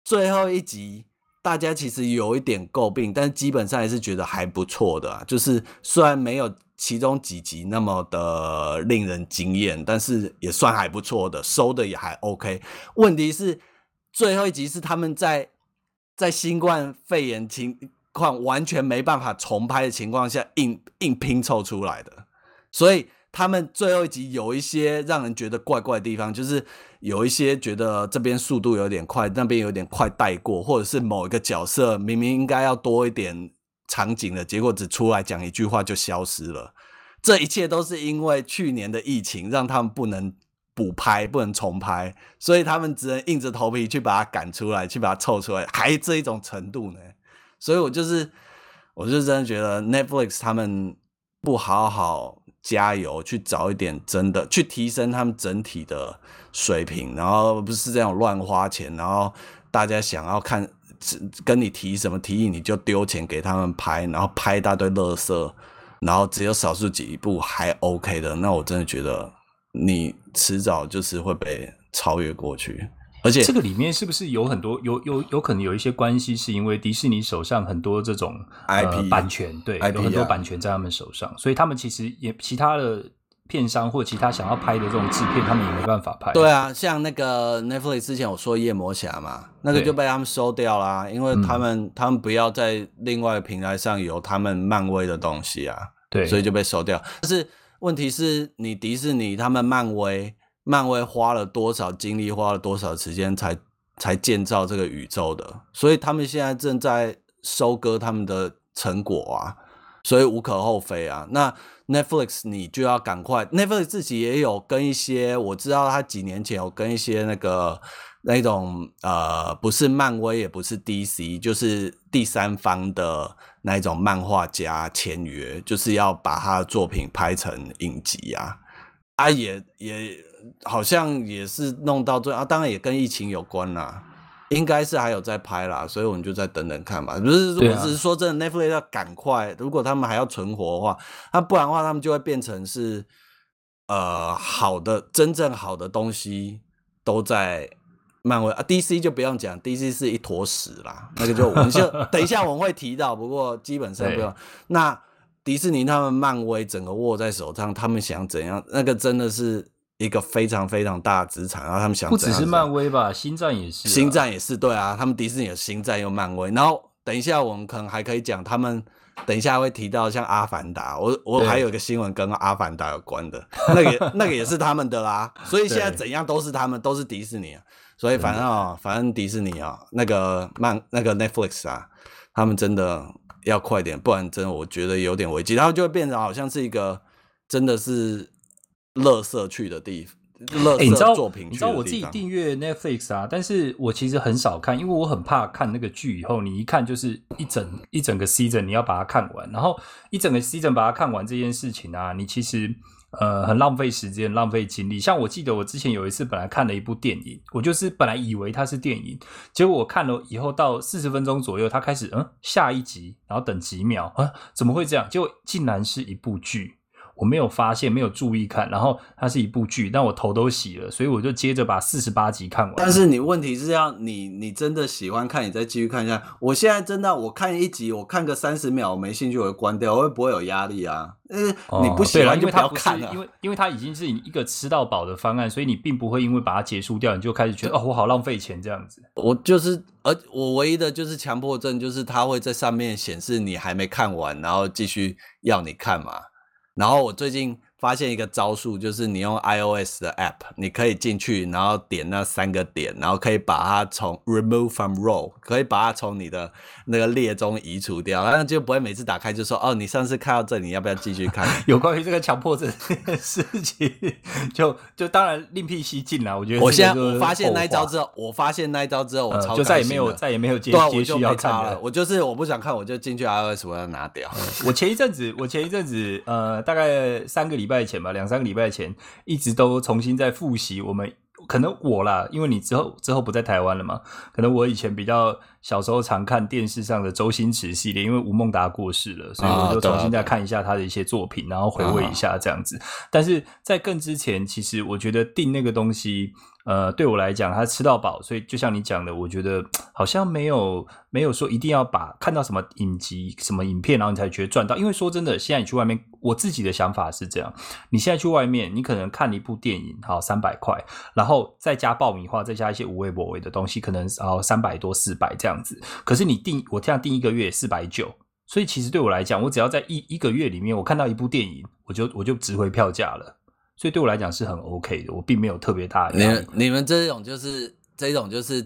最後一集，大家其實有一點詬病，但基本上也是覺得還不錯的啊，就是雖然沒有。其中幾集那麼的令人驚豔，但是也算還不錯的，收的也還 OK。問題是最後一集是他們在在新冠肺炎情況完全沒辦法重拍的情況下硬，硬硬拼湊出來的。所以他們最後一集有一些讓人覺得怪怪的地方，就是有一些覺得這邊速度有點快，那邊有點快帶過，或者是某一個角色明明應該要多一點。場景的結果只出來講一句話就消失了，這一切都是因為去年的疫情讓他們不能補拍、不能重拍，所以他們只能硬着頭皮去把它趕出來，去把它湊出來，還這一種程度呢。所以我就是，我就真的覺得 Netflix 他們不好好加油，去找一點真的去提升他們整體的水平，然後不是這樣亂花錢，然後大家想要看。跟你提什麼提議，你就丟錢給他們拍，然後拍一大堆垃圾，然後只有少數幾部還 OK 的，那我真的覺得你遲早就是會被超越過去。而且這個裡面是不是有很多有有有可能有一些關係，是因為迪士尼手上很多這種 IP、呃、版權，對，IP，有很多版權在他們手上，所以他們其實也其他的。片商或其他想要拍的這種制片，他們也沒辦法拍。對啊，像那個 Netflix 之前我說夜魔俠嘛，那個就被他們收掉啦，因為他們、嗯、他們不要在另外平台上有他們漫威的東西啊，對，所以就被收掉。但是問題是你迪士尼他們漫威，漫威花了多少精力，花了多少時間才才建造這個宇宙的，所以他們現在正在收割他們的成果啊，所以無可厚非啊。那 Netflix，你就要趕快。Netflix 自己也有跟一些，我知道他幾年前有跟一些那個那種呃，不是漫威也不是 DC，就是第三方的那種漫畫家簽約，就是要把他的作品拍成影集啊。啊，也也好像也是弄到最，啊，當然也跟疫情有關啦，啊。應該是還有在拍啦，所以我們就再等等看吧。不是，我只是說真的，啊，Netflix 要趕快，如果他們還要存活的話，那不然的話他們就會變成是呃好的，真正好的東西都在漫威啊。DC 就不用講，DC 是一坨屎啦，那個就我們就 (laughs) 等一下我們會提到。不過基本上不用。 (laughs) 那迪士尼他們漫威整個握在手上，他們想怎樣，那個真的是。一個非常非常大的資產，然後他們想不只是漫威吧，星戰也是，星戰也是對啊，他們迪士尼有星戰，有漫威，然後等一下我們可能還可以講，他們等一下會提到像阿凡達，我我還有一個新聞跟阿凡達有關的，那個那個也是他們的啦， (laughs) 所以現在怎樣都是他們，都是迪士尼，所以反正啊，反正迪士尼啊，那個漫那個 Netflix 啊，他們真的要快一點，不然真的我覺得有點危機，然後就會變成好像是一個真的是。樂色去，去的地方，樂色作品。你知道，你知道我自己訂閱 Netflix 啊，但是我其實很少看，因為我很怕看那個劇以後，你一看就是一整一整個 season，你要把它看完，然後一整個 season 把它看完這件事情啊，你其實呃很浪費時間，浪費精力。像我記得我之前有一次本來看了一部電影，我就是本來以為它是電影，結果我看了以後到四十分鐘左右，它開始嗯下一集，然後等幾秒啊、嗯，怎麼會這樣？結果竟然是一部劇。我沒有發現，沒有注意看，然後它是一部劇，但我頭都洗了，所以我就接着把四十八集看完。但是你問題是要你你真的喜歡看，你再繼續看一下。我現在真的我看一集，我看個三十秒，我沒興趣我就關掉，我會不會有壓力啊？呃，你不喜歡就不要看了，哦，對啊，因為因為它已經是一個吃到飽的方案，所以你並不會因為把它結束掉，你就開始覺得哦，我好浪費錢這樣子。我就是，而我唯一的就是強迫症，就是它會在上面顯示你還沒看完，然後繼續要你看嘛。然後我最近。發現一個招數，就是你用 iOS 的 app，你可以進去，然後點那三個點，然後可以把它從 remove from row 可以把它從你的那個列中移除掉，那就不會每次打開就說哦，你上次看到這裡，你要不要繼續看？ (laughs) 有關於這個強迫症的這件事情，就就當然另闢蹊徑了。我覺得我現在我發現那一招之後，我發現那一招之後，我超、呃、就再也沒有再也沒有接繼續要看了、了，我就是我不想看，我就進去 iOS，我要拿掉。呃、我前一陣子，我前一陣子， (laughs) 呃，大概三個禮拜。拜前吧，兩三個禮拜前一直都重新在復習。我們可能我啦，因為你之後之後不在台灣了嘛，可能我以前比較小時候常看電視上的周星馳系列，因為吳孟達過世了，所以我就重新再看一下他的一些作品，啊啊啊啊，然後回味一下這樣子。但是在更之前，其實我覺得定那個東西。呃，對我來講，他吃到飽，所以就像你講的，我覺得好像沒有沒有說一定要把看到什麼影集、什麼影片，然後你才覺得賺到。因為說真的，現在你去外面，我自己的想法是這樣：你現在去外面，你可能看一部電影，好，三百塊，然後再加爆米花，再加一些無味博味的東西，可能好，三百多四百這樣子。可是你定，我這樣定一個月也四百九，所以其實對我來講，我只要在一一個月裡面，我看到一部電影，我就我就值回票價了。所以對我來講是很 OK 的，我並沒有特別大的。你們你們這種就是這種就是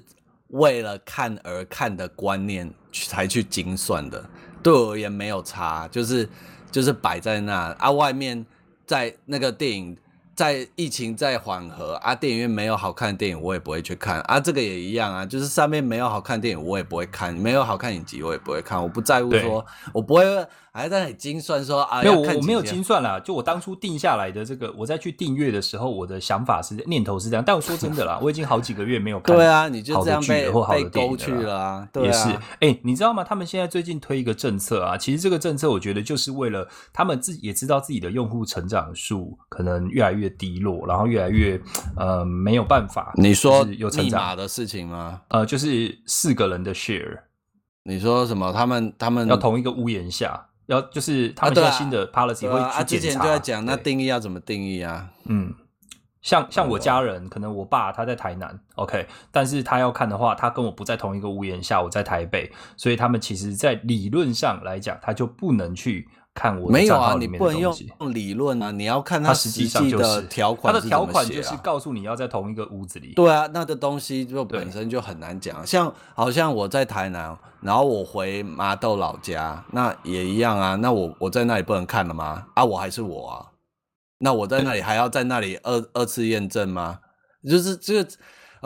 為了看而看的觀念才去精算的，對我而言沒有差，就是就是擺在那啊。外面在那個電影在疫情在緩和啊，電影院沒有好看的電影，我也不會去看啊。這個也一樣啊，就是上面沒有好看電影，我也不會看；沒有好看影集，我也不會看。我不在乎說，我不會。還在精算說啊？沒有，看我我沒有精算啦，就我當初定下來的這個，我在去訂閱的時候，我的想法是念頭是這樣。但我說真的啦， (laughs) 啊、我已經好幾個月沒有看好的劇了，或好的了、啊。對啊，你就這樣被被勾去了啊。也是，哎、啊欸，你知道嗎？他們現在最近推一個政策啊。其實這個政策，我覺得就是為了他們自己也知道自己的用戶成長數可能越來越低落，然後越來越呃沒有辦法。你說有成長的事情嗎？呃，就是四個人的 share。你說什麼？他們他們要同一個屋檐下。要就是他們一些新的 policy 啊啊會去檢查，啊啊、之前就在講那定義要怎麼定義啊？嗯，像像我家人，可能我爸他在台南，OK，但是他要看的話，他跟我不在同一個屋檐下，我在台北，所以他們其實，在理論上來講，他就不能去。看我沒有啊，你不能用理論啊，你要看它實際上，就是啊、的條款。它的條款就是告訴你要在同一個屋子裡。對啊，那個東西就本身就很難講。像好像我在台南，然後我回麻豆老家，那也一樣啊。那我我在那裡不能看了嗎？啊，我還是我啊。那我在那裡還要在那裡二 (laughs) 二次驗證嗎？就是這個。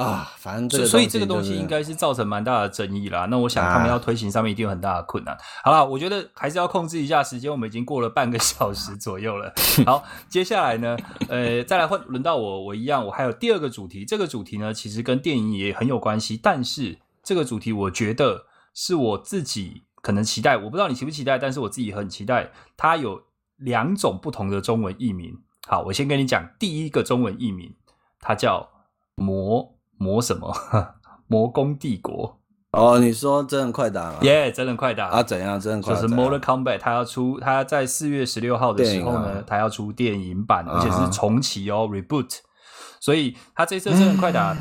啊、嗯，反正所以這個東西應該是造成蠻大的爭議啦。啊、那我想他們要推行上面一定有很大的困難。好了，我覺得還是要控制一下時間，我們已經過了半個小時左右了。好，接下來呢， (laughs) 呃，再來換輪到我，我一樣，我還有第二個主題。這個主題呢，其實跟電影也很有關係，但是這個主題我覺得是我自己可能期待，我不知道你期不期待，但是我自己很期待。它有兩種不同的中文譯名。好，我先跟你講第一個中文譯名，它叫《魔》。魔什麼？魔宮帝國哦，你說真人快打嗎？耶、yeah,，真人快打啊，怎樣？真人快就是 Mortal Kombat，他要出，他在四月十六號的時候呢，他、啊、要出電影版，而且是重啟哦、uh -huh.，Reboot。所以他這次真人快打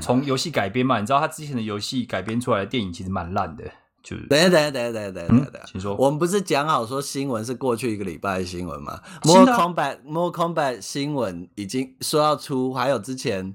從遊戲改編嘛，你知道他之前的遊戲改編出來的電影其實蠻爛的，就是等一下等一下等一下等下等下等下，請說，我們不是講好說新聞是過去一個禮拜的新聞嗎？Mortal Kombat, Mortal Kombat 新聞已經說要出，還有之前。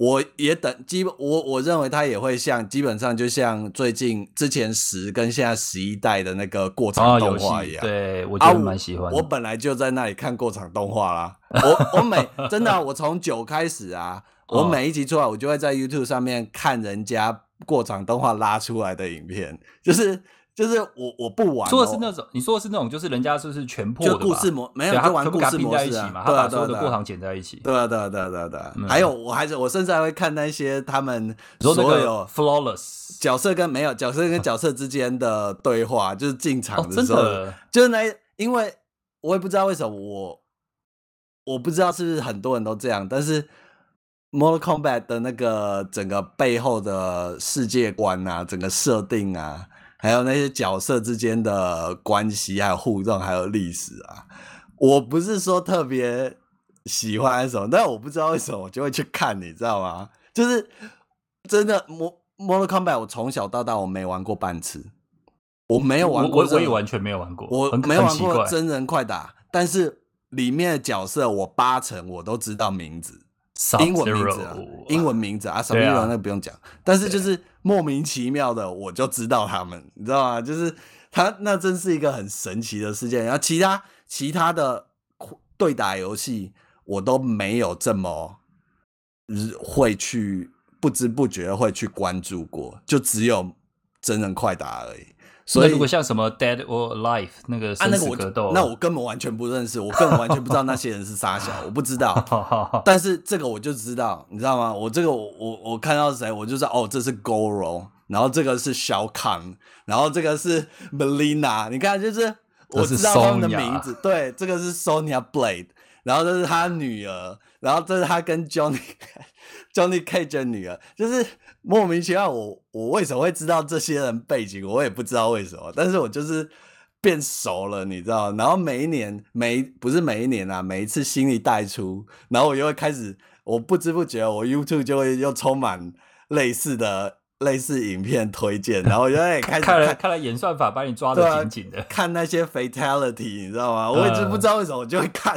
我也等基本，我我認為它也會像基本上就像最近之前十跟現在十一代的那個過場動畫一樣，哦、對我就蠻喜歡、啊我。我本來就在那裡看過場動畫啦， (laughs) 我我每真的、啊、我從九開始啊， (laughs) 我每一集出來我就會在 YouTube 上面看人家過場動畫拉出來的影片，就是。就是我我不玩，說的是那種，哦、你說的是那種，就是人家就是，是全破就故事模，沒有、啊、就玩故事模式、啊、在一起嘛對、啊對啊，他把所有的過場剪在一起，對啊對啊對啊對啊，還有我還是我甚至還會看那些他們所有 flawless 角色跟沒有角色跟角色之間的對話， (laughs) 就是進場的時候，哦、就是那因為我也不知道為什麼我我不知道是不是很多人都這樣，但是《Mortal Kombat》的那個整個背後的世界觀啊，整個設定啊。還有那些角色之間的關係，還有互動，還有歷史啊！我不是說特別喜歡什麼，但我不知道為什麼我就會去看，你知道嗎？就是真的，Mortal Kombat，我從小到大我沒玩過半次，我沒有玩過我，我也完全沒有玩過，我沒有玩過真人快打，但是裡面的角色我八成我都知道名字，英文名字啊，英文名字啊，什麼英文那個不用講啊，但是就是。莫名其妙的，我就知道他們，你知道嗎？就是他，那真是一個很神奇的事件。然後其他其他的對打遊戲，我都沒有這麼日會去不知不覺會去關注過，就只有真人快打而已。所以如果像什麼《Dead or Alive 那、啊》那個是那個，那我根本完全不認識，我根本完全不知道那些人是殺小，我不知道。 (laughs) 但是這個我就知道，你知道嗎？我這個我我看到誰，我就知道哦，這是 Goro，然後這個是小康，然後這個是 Melina，你看就是我知道他們的名字。對，這個是 Sonya Blade，然後這是他女兒，然後這是他跟 Johnny Johnny Cage 的女兒，就是。莫名其妙，我我為什麼會知道這些人背景，我也不知道為什麼。但是我就是變熟了，你知道？然後每一年，每不是每一年啊，每一次新一代出，然後我就會開始，我不知不覺，我 YouTube 就會又充滿類似的類似影片推薦。然後我就會開始看了 (laughs) 看來演算法把你抓得緊緊的緊緊的，看那些 Fatality，你知道嗎？我一直不知道為什麼我就會看，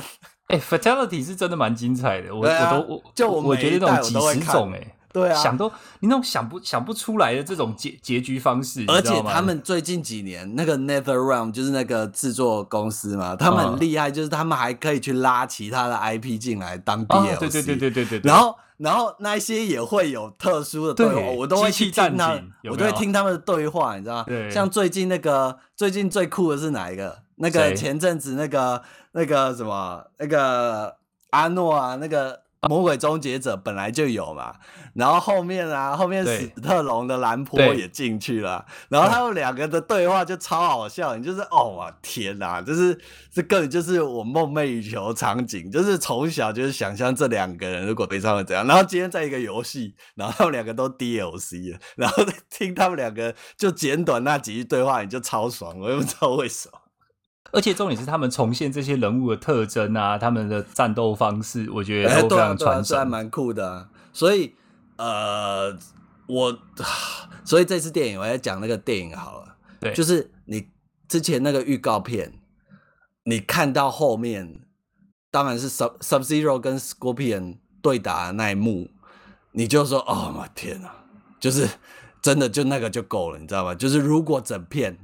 哎、呃 (laughs) 欸、，Fatality 是真的蠻精彩的，我，我都，啊、我就我覺得那種幾十種，欸，哎。對啊，想都你那種想不想不出來的這種結結局方式，而且他們最近幾年那個 NetherRealm 就是那個制作公司嘛，嗯、他們很厲害，就是他們還可以去拉其他的 IP 進來當 DLC，對對對對對對。然後然後那些也會有特殊的對話，我都會去聽那，我都會聽他們的對話，有有你知道嗎？對，像最近那個最近最酷的是哪一個？那個前陣子那個那個什麼那個阿諾啊那個。魔鬼終結者本來就有嘛，然後後面啊，後面史特龍的藍波也進去了，然後他們兩個的對話就超好笑，你就是哦，我天哪，就是這個就是我夢寐以求場景，就是從小就是想象這兩個人如果悲傷會怎樣，然後今天在一個遊戲，然後他們兩個都 DLC 了，然後聽他們兩個就簡短那幾句對話，你就超爽，我也不知道為什麼。而且重點是他們重現這些人物的特徵啊，他們的戰鬥方式，我覺得都非常傳神，欸啊啊啊、還蠻酷的、啊。所以，呃，我所以這次電影我要講那個電影好了，對，就是你之前那個預告片，你看到後面，當然是 Sub Sub-Zero 跟 Scorpion 對打的那一幕，你就說，哦，我的天哪，就是真的就那個就夠了，你知道嗎？就是如果整片。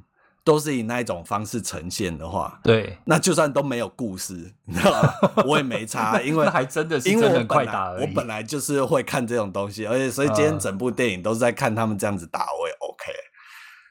都是以那一種方式呈現的話，對，那就算都沒有故事， (laughs) (laughs) 我也沒差，因為 (laughs) 還真的是因為很快打而已我。我本來就是會看這種東西，而且所以今天整部電影都是在看他們這樣子打，啊、我也 OK。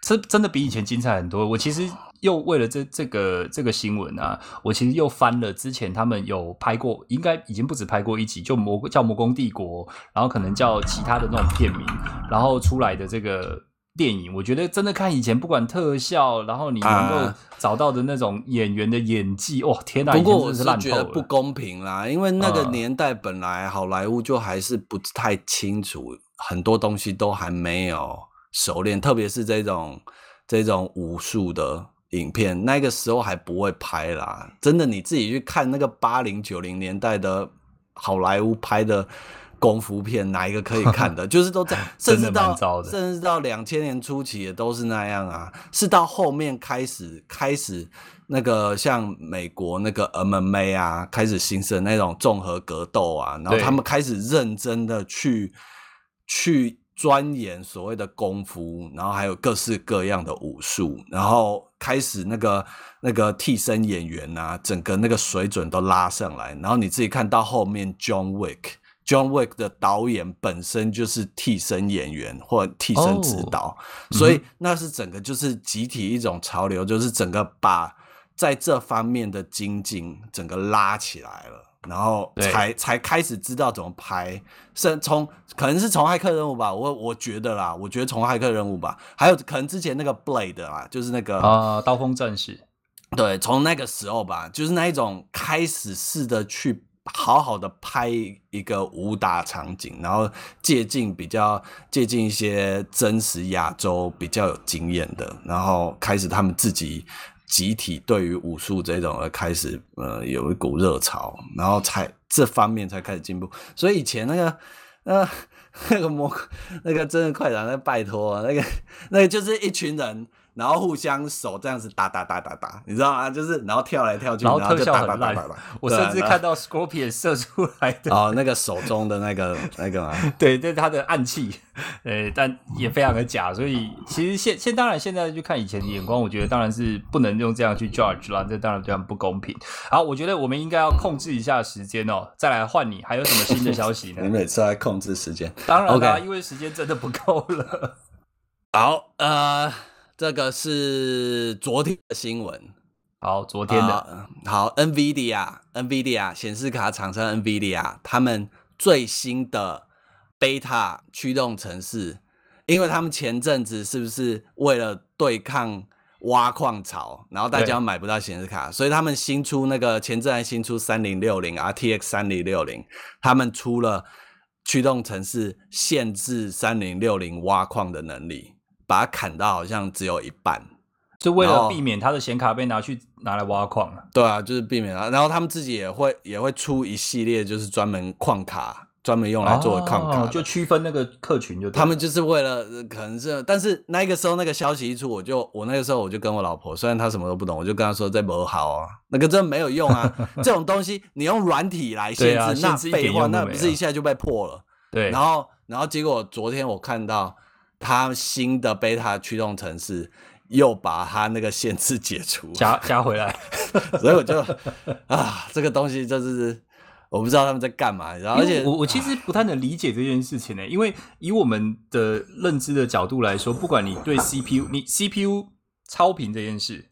這真的比以前精彩很多。我其實又為了這這個這個新聞啊，我其實又翻了之前他們有拍過，應該已經不止拍過一集，就魔叫魔宮帝國，然後可能叫其他的那種片名，然後出來的這個。電影我覺得真的，看以前不管特效，然後你能夠找到的那種演員的演技，哦、呃、天哪！不過我是覺得不公平啦，因為那個年代本來好萊塢就還是不太清楚、呃，很多東西都還沒有熟練，特別是這種這種武術的影片，那個時候還不會拍啦。真的你自己去看那個八零九零年代的好萊塢拍的。功夫片哪一個可以看的？ (laughs) 就是都在，甚至到甚至到兩千年初期也都是那樣啊。是到後面開始開始那個像美國那個 MMA 啊，開始興盛那種綜合格鬥啊。然後他們開始認真的去去鑽研所謂的功夫，然後還有各式各樣的武術，然後開始那個那個替身演員啊，整個那個水準都拉上來。然後你自己看到後面 John Wick。John Wick 的導演本身就是替身演員或替身指導，oh, 所以那是整個就是集體一種潮流，就是整個把在這方面的精進整個拉起來了，然後才才開始知道怎麼拍。是從可能是從《駭客任務》吧，我我覺得啦，我覺得從《駭客任務》吧，還有可能之前那個 Blade 啊，就是那個呃、uh, 刀鋒戰士。對，從那個時候吧，就是那一種開始試着去。好好的拍一個武打場景，然後接近比較接近一些真實亞洲比較有經驗的，然後開始他們自己集體對於武術這種，開始呃有一股熱潮，然後才這方面才開始進步。所以以前那個、那個那個魔那個真人快打在拜托那個、啊那個、那個就是一群人。然後互相手這樣子打打打打打，你知道嗎、啊？就是然後跳來跳去，然後，打打打打打打然後特效很爛、啊、我甚至看到 Scorpion 射出來的哦，那個手中的那個 (laughs) 那個嘛，對對，他的暗器，呃，但也非常的假。所以其實現現當然現在就看以前的眼光，我覺得當然是不能用這樣去 judge 了，這當然非常不公平。好，我覺得我們應該要控制一下時間哦，再來換你，還有什麼新的消息呢？ (laughs) 你每次再來控制時間，當然啦，okay. 因為時間真的不夠了。好，呃。 (laughs) 這個是昨天的新聞，好，昨天的，呃，好，NVIDIA，NVIDIA 顯 NVIDIA，示卡廠商 NVIDIA，他們最新的 Beta 驅動程式，因為他們前陣子是不是為了對抗挖礦潮，然後大家買不到顯示卡，所以他們新出那個前陣子新出三零六零 RTX 三零六零，他們出了驅動程式限制三零六零挖礦的能力。把它砍到好像只有一半，是為了避免他的顯卡被拿去拿來挖礦。對啊，就是避免啊。然後他們自己也會也會出一系列，就是專門礦卡，專門用來做礦卡，哦，就區分那個客群就對。他們就是為了可能是，但是那個時候那個消息一出，我就我那個時候我就跟我老婆，雖然她什麼都不懂，我就跟她說在磨好啊，那個真沒有用啊， (laughs) 這種東西你用軟體來限制，那廢話，那不是一下就被破了。對，然後然後結果昨天我看到。它新的貝塔驅動程式又把它那個限制解除，加加回來， (laughs) (laughs) 所以我就啊，這個東西就是我不知道他們在幹嘛。然後，而且我、啊、我其實不太能理解這件事情呢、欸，因為以我們的認知的角度來說，不管你對 CPU，你 CPU 超頻這件事，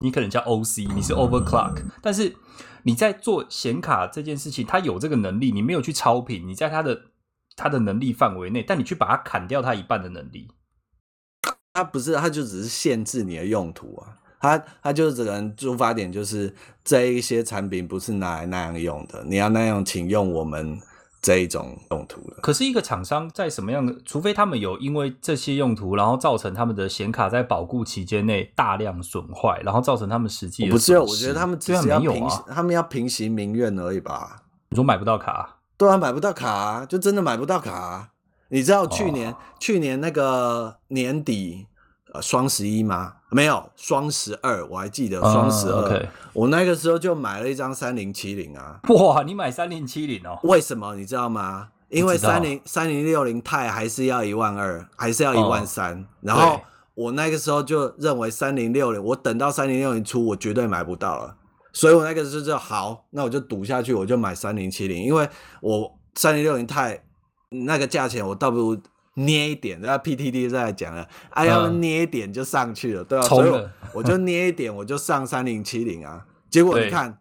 你可能叫 OC，你是 Overclock，但是你在做顯卡這件事情，它有這個能力，你沒有去超頻，你在它的。他的能力範圍內，但你去把它砍掉他一半的能力，他不是，他就只是限制你的用途啊。他他就只能出發點就是這一些產品不是拿來那樣用的，你要那樣，請用我們這一種用途。可是一個廠商在什麼樣的，除非他們有因為這些用途，然後造成他們的顯卡在保固期間內大量損壞，然後造成他們實際不是，我覺得他們只，只要平，啊有啊，他們要平息民怨而已吧。你說買不到卡？突然買不到卡、啊，就真的買不到卡、啊。你知道去年、哦、去年那個年底，呃，雙十一嗎？沒有，雙十二。我還記得雙十二，我那個時候就買了一張三零七零啊。哇，你買三零七零哦？為什麼你知道嗎？因為三零三零六零 Ti 還是要一萬二，還是要一萬三、嗯。然後我那個時候就認為三零六零，我等到三零六零出，我絕對買不到了。所以我那個就是好，那我就賭下去，我就買三零七零，因為我三零六零太那個價錢，我倒不如捏一點，然後 PTT 在講了，哎呀，捏一點就上去了，嗯、對吧、啊？所以我，我就捏一點， (laughs) 我就上三零七零啊。結果你看，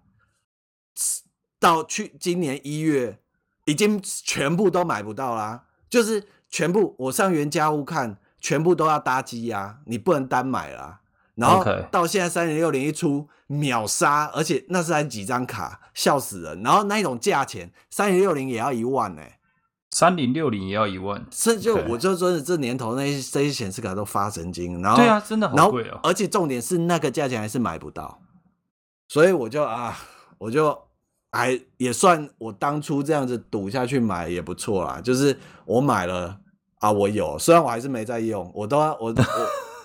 到去今年一月已經全部都買不到啦，就是全部我上原價屋看，全部都要搭機呀、啊，你不能單買啦。然後到現在，三零六零一出秒殺，而且那是才幾張卡，笑死人。然後那一種價錢，三零六零也要一萬呢、欸。三零六零也要一萬，這就我就說的這年頭那些，那、okay. 這些顯示卡都發神經。然後對啊，真的很貴、哦、然後而且重點是那個價錢還是買不到，所以我就啊，我就還也算我當初這樣子賭下去買也不錯啦。就是我買了啊，我有，雖然我還是沒在用，我都我、啊、我。我 (laughs)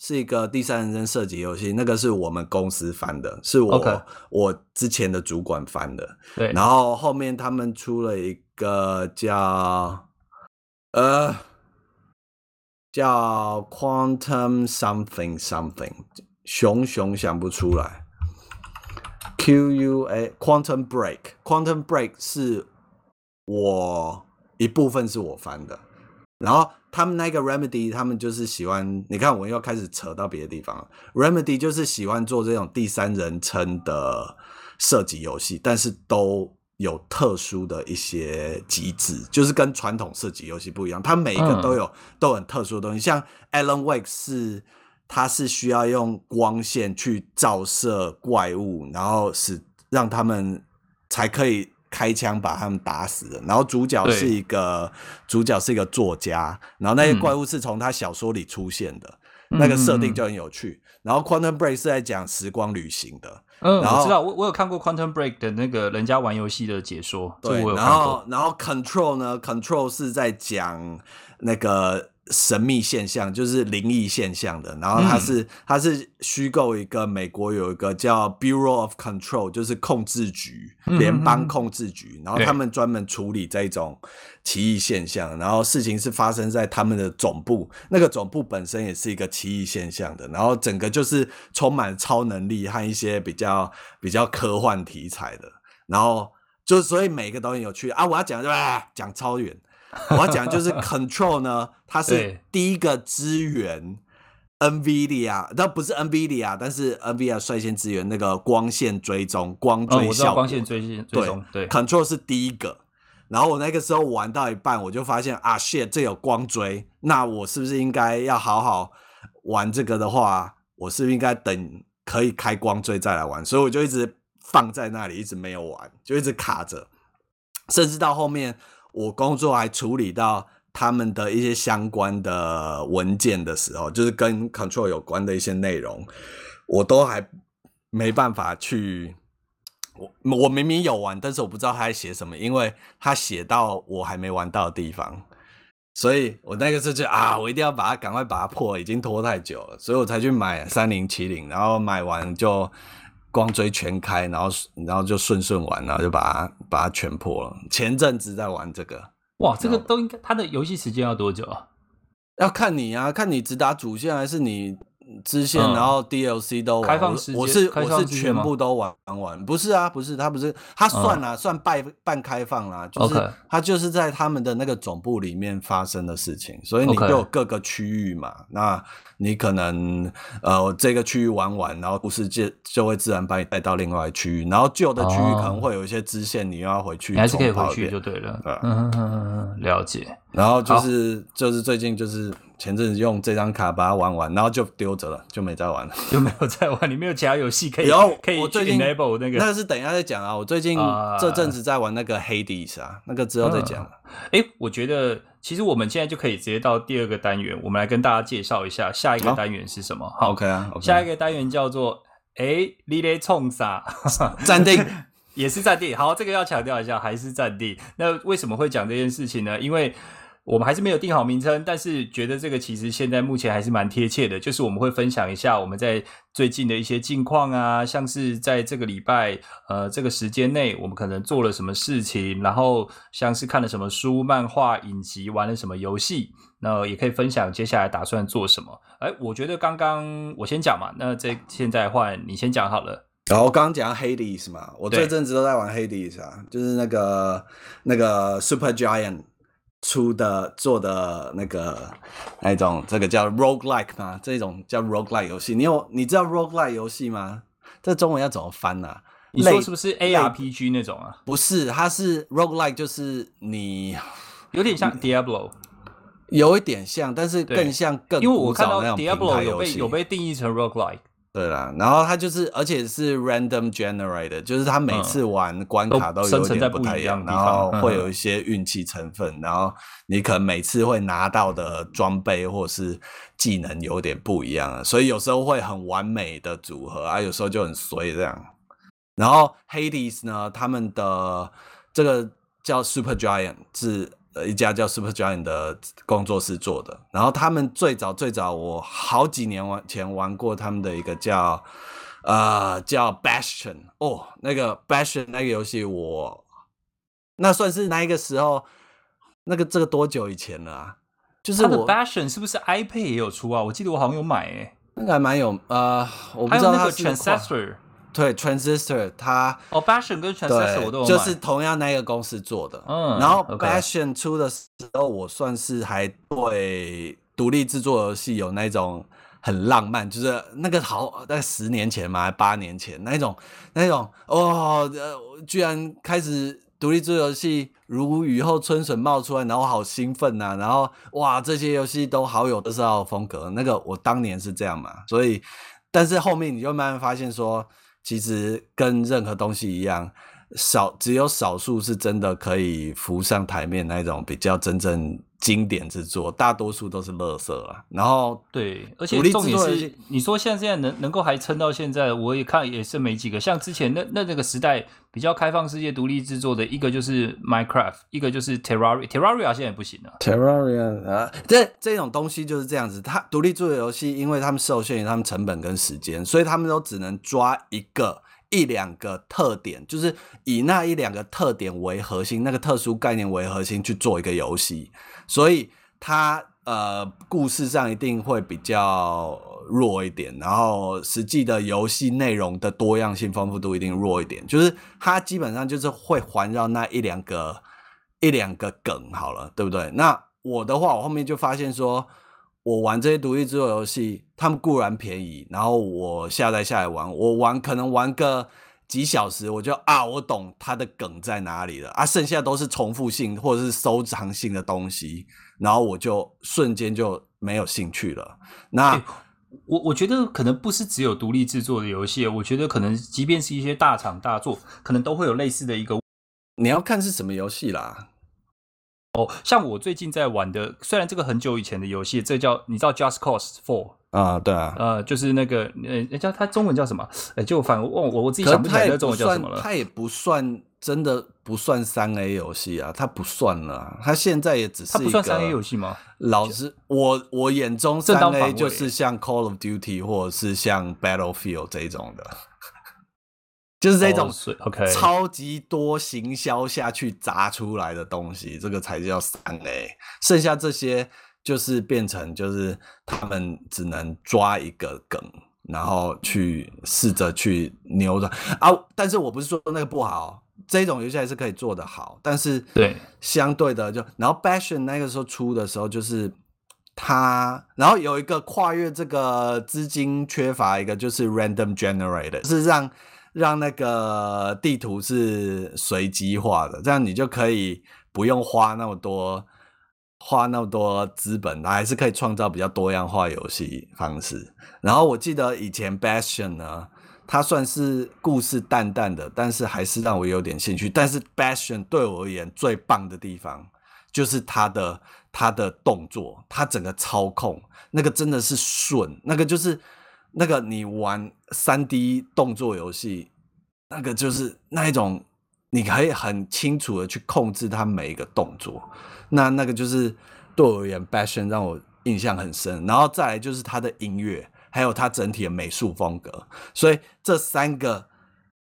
是一個第三人稱射擊遊戲，那個是我們公司翻的，是我、okay. 我之前的主管翻的。對，然後後面他們出了一個叫呃叫 Quantum Something Something，熊熊想不出來。Q U A Quantum Break，Quantum Break 是我一部分是我翻的，然後。他們那個 Remedy，他們就是喜歡你看，我又開始扯到別的地方了。Remedy 就是喜歡做這種第三人稱的射擊遊戲，但是都有特殊的一些機制，就是跟傳統射擊遊戲不一樣。它每一個都有、嗯、都有很特殊的東西。像 Alan Wake 是，它是需要用光線去照射怪物，然後使讓他們才可以，開槍把他們打死的，然後主角是一個主角是一個作家，然後那些怪物是從他小說裡出現的，嗯、那個設定就很有趣。然後《Quantum Break》是在講時光旅行的，嗯，然後我知道我我有看過《Quantum Break》的那個人家玩遊戲的解說，對，然後然後《然後 Control》呢，《Control》是在講那個。神秘現象就是靈異現象的，然後他是他、嗯、是虛構一個美國有一個叫 Bureau of Control，就是控制局聯邦控制局，嗯嗯，然後他們專門處理這一種奇異現象，然後事情是發生在他們的總部，那個總部本身也是一個奇異現象的，然後整個就是充滿超能力和一些比較比較科幻題材的，然後就所以每一個都很有趣啊，我要講就講超遠。 (laughs) 我要講就是 Control 呢，它是第一個支援 NVIDIA，倒不是 NVIDIA，但是 NVIDIA 率先支援那個光線追蹤光追效。嗯、光線追蹤，對追蹤對，Control 是第一個。然後我那個時候玩到一半，我就發現啊，shit，這有光追，那我是不是應該要好好玩這個的話，我是不是應該等可以開光追再來玩？所以我就一直放在那裡，一直沒有玩，就一直卡着，甚至到後面。我工作還處理到他們的一些相關的文件的時候，就是跟 control 有關的一些內容，我都還沒辦法去。我我明明有玩，但是我不知道他在寫什麼，因為他寫到我還沒玩到的地方，所以我那個時候就啊，我一定要把它趕快把它破，已經拖太久了，所以我才去買3070，然後買完就。光追全開，然後然後就順順玩，然後就把它把它全破了。前陣子在玩這個，哇，這個都應該它的遊戲時間要多久啊？要看你啊，看你只打主線還是你。支線，然後 DLC 都玩，嗯、開放世界我是我是全部都玩玩，不是啊，不是，他不是他算了、啊嗯，算半半開放啦、啊，就是、okay. 他就是在他們的那個總部裡面發生的事情，所以你就有各個區域嘛，okay. 那你可能呃這個區域玩完，然後故事就就會自然把你帶到另外區域，然後舊的區域可能會有一些支線，oh. 你又要回去，還是可以回去就對了，嗯嗯嗯，了解。然後就是就是最近就是。前陣子用這張卡把它玩完，然後就丟着了，就沒再玩了， (laughs) 就沒有再玩。你沒有其他遊戲可以？然後可以。我最近那個，那是等一下再講啊。我最近這陣子在玩那個 Hades 啊，啊那個之後再講。哎、嗯欸，我覺得其實我們現在就可以直接到第二個單元，我們來跟大家介紹一下下一個單元是什麼？好，好，OK 啊 okay。下一個單元叫做哎、欸、你在做什麼？ (laughs) 暫定 (laughs) 也是暫定。好，這個要強調一下，還是暫定。那為什麼會講這件事情呢？因為。我們還是沒有定好名稱，但是覺得這個其實現在目前還是蠻貼切的。就是我們會分享一下我們在最近的一些近況啊，像是在這個禮拜呃這個時間內，我們可能做了什麼事情，然後像是看了什麼書、漫畫、影集，玩了什麼遊戲，那也可以分享接下來打算做什麼。哎，我覺得剛剛我先講嘛，那這現在換你先講好了。然後剛剛講 Hades 嘛，我這陣子都在玩 Hades 啊，就是那個那個 Super Giant。出的做的那個那一種，這個叫 roguelike 嗎？這種叫 roguelike 遊戲，你有你知道 roguelike 遊戲嗎？這中文要怎麼翻呢、啊？你說是不是 ARPG 那種啊？不是，它是 roguelike，就是你有點像 Diablo，有一點像，但是更像更的。因為我看到 Diablo 有被有被定義成 roguelike。對啦，然後他就是，而且是 random g e n e r a t o r 就是他每次玩關卡都,有點太、嗯、都生在不一樣然後會有一些運氣成分嗯嗯，然後你可能每次會拿到的裝備或是技能有點不一樣，所以有時候會很完美的組合，啊，有時候就很衰這樣。然後 Hades 呢，他們的這個叫 Super Giant 是。呃，一家叫 Supergiant 的工作室做的，然後他們最早最早，我好幾年前玩過他們的一個叫呃叫 Bastion 哦，那個 Bastion 那個遊戲我那算是那一個時候，那個這個多久以前了啊？就是我他的 Bastion 是不是 iPad 也有出啊？我記得我好像有買誒、欸，那個還蠻有啊、呃，我不知道 Transistor 對，transistor 它哦、oh，fashion 跟 transistor 我都買，就是同樣那一個公司做的。嗯、oh, okay，然後 fashion 出的時候，我算是還對獨立製作遊戲有那種很浪漫，就是那個好在十年前嘛，八年前那一種，那一種，那種哦、呃，居然開始獨立做遊戲如雨後春筍冒出來，然後好興奮吶、啊，然後哇，這些遊戲都好有那時候風格。那個我當年是這樣嘛，所以但是後面你就慢慢發現說。其實跟任何東西一樣，少，只有少數是真的可以浮上台面那種比較真正經典之作，大多數都是垃圾啊，然後對，而且重點是你說像現在，現在能能夠還撐到現在，我也看也是沒幾個。像之前那那那個時代比較開放世界獨立制作的一個就是 Minecraft，一個就是 Terraria。Terraria 現在也不行了、啊。Terraria 啊，這這種東西就是這樣子。它獨立做的遊戲，因為他們受限於他們成本跟時間，所以他們都只能抓一個。一兩個特點，就是以那一兩個特點為核心，那個特殊概念為核心去做一個遊戲，所以它呃故事上一定會比較弱一點，然後實際的遊戲內容的多樣性、豐富度一定弱一點，就是它基本上就是會環繞那一兩個一兩個梗好了，對不對？那我的話，我後面就發現說。我玩這些獨立制作遊戲，他們固然便宜，然後我下載下來玩，我玩可能玩個幾小時，我就啊，我懂它的梗在哪裡了啊，剩下都是重複性或者是收藏性的東西，然後我就瞬間就沒有興趣了。那，欸，我我覺得可能不是只有獨立制作的遊戲，我覺得可能即便是一些大廠大作，可能都會有類似的一個，你要看是什麼遊戲啦？哦，像我最近在玩的，雖然這個很久以前的遊戲，這叫你知道，Just Cause Four 啊，對啊，呃，就是那個，呃，人家他中文叫什麼？哎，就反而我、哦、我自己想不起來這中文叫什麼了。它也，也不算，真的不算三 A 遊戲啊，它不算了。它現在也只是它不算三 A 遊戲嗎？老師，我我眼中三 A 就是像 Call of Duty 或者是像 Battlefield 這一種的。就是這種 OK 超級多行銷下去砸出來的東西，okay. 這個才叫三 A。剩下這些就是變成就是他們只能抓一個梗，然後去試着去扭轉啊。但是我不是說那個不好，這種遊戲還是可以做得好。但是對相對的就對然後 Bashion 那個時候出的時候，就是他然後有一個跨越這個資金缺乏，一個就是 Random Generator，是讓。讓那個地圖是隨機化的，這樣你就可以不用花那麼多花那麼多資本，還是可以創造比較多樣化遊戲方式。然後我記得以前《Bastion》呢，它算是故事淡淡的，但是還是讓我有點興趣。但是《Bastion》對我而言最棒的地方，就是它的它的動作，它整個操控那個真的是順，那個就是。那個你玩 3D 動作遊戲，那個就是那一種，你可以很清楚的去控制它每一個動作。那那個就是對我而言，Bastion 讓我印象很深。然後再來就是它的音樂，還有它整體的美術風格。所以這三個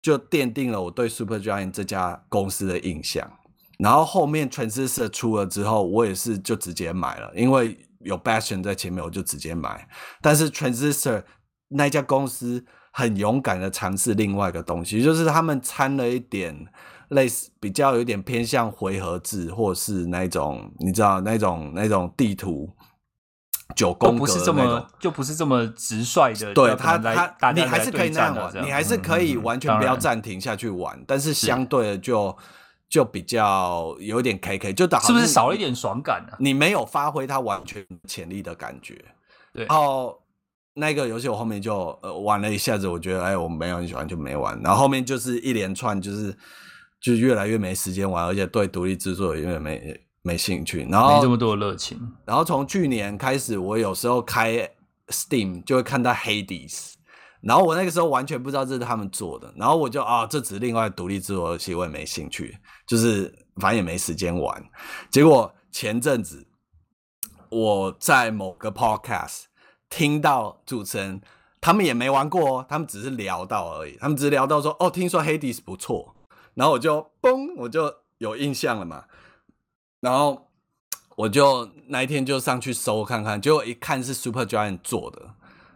就奠定了我對 Supergiant 這家公司的印象。然後後面 Transistor 出了之後，我也是就直接買了，因為有 Bastion 在前面，我就直接買。但是 Transistor 那家公司很勇敢的嘗試另外一個東西，就是他們摻了一點類似比較有點偏向回合制，或是那種你知道那種那種地圖九宮格，就不是這麼直率的。對他他單單對、啊、你還是可以那樣玩的這樣，你還是可以完全不要暫停下去玩嗯嗯嗯，但是相對的就嗯嗯就，就比較有點 K K，就打是不是少一點爽感呢、啊？你沒有發揮它完全潛力的感覺，對哦。那個遊戲我後面就、呃、玩了一下子，我覺得哎、欸，我沒有很喜歡，就沒玩。然後後面就是一連串，就是就越來越沒時間玩，而且對獨立制作也沒沒興趣，然後沒這麼多熱情。然後從去年開始，我有時候開 Steam 就會看到 Hades，然後我那個時候完全不知道這是他們做的，然後我就啊，這只是另外獨立制作遊戲，我也沒興趣，就是反正也沒時間玩。結果前陣子我在某個 Podcast。聽到主持人，他們也沒玩過哦，他們只是聊到而已。他們只是聊到說，哦，聽說黑迪斯不錯，然後我就嘣，我就有印象了嘛。然後我就那一天就上去搜看看，結果一看是 Supergiant 做的，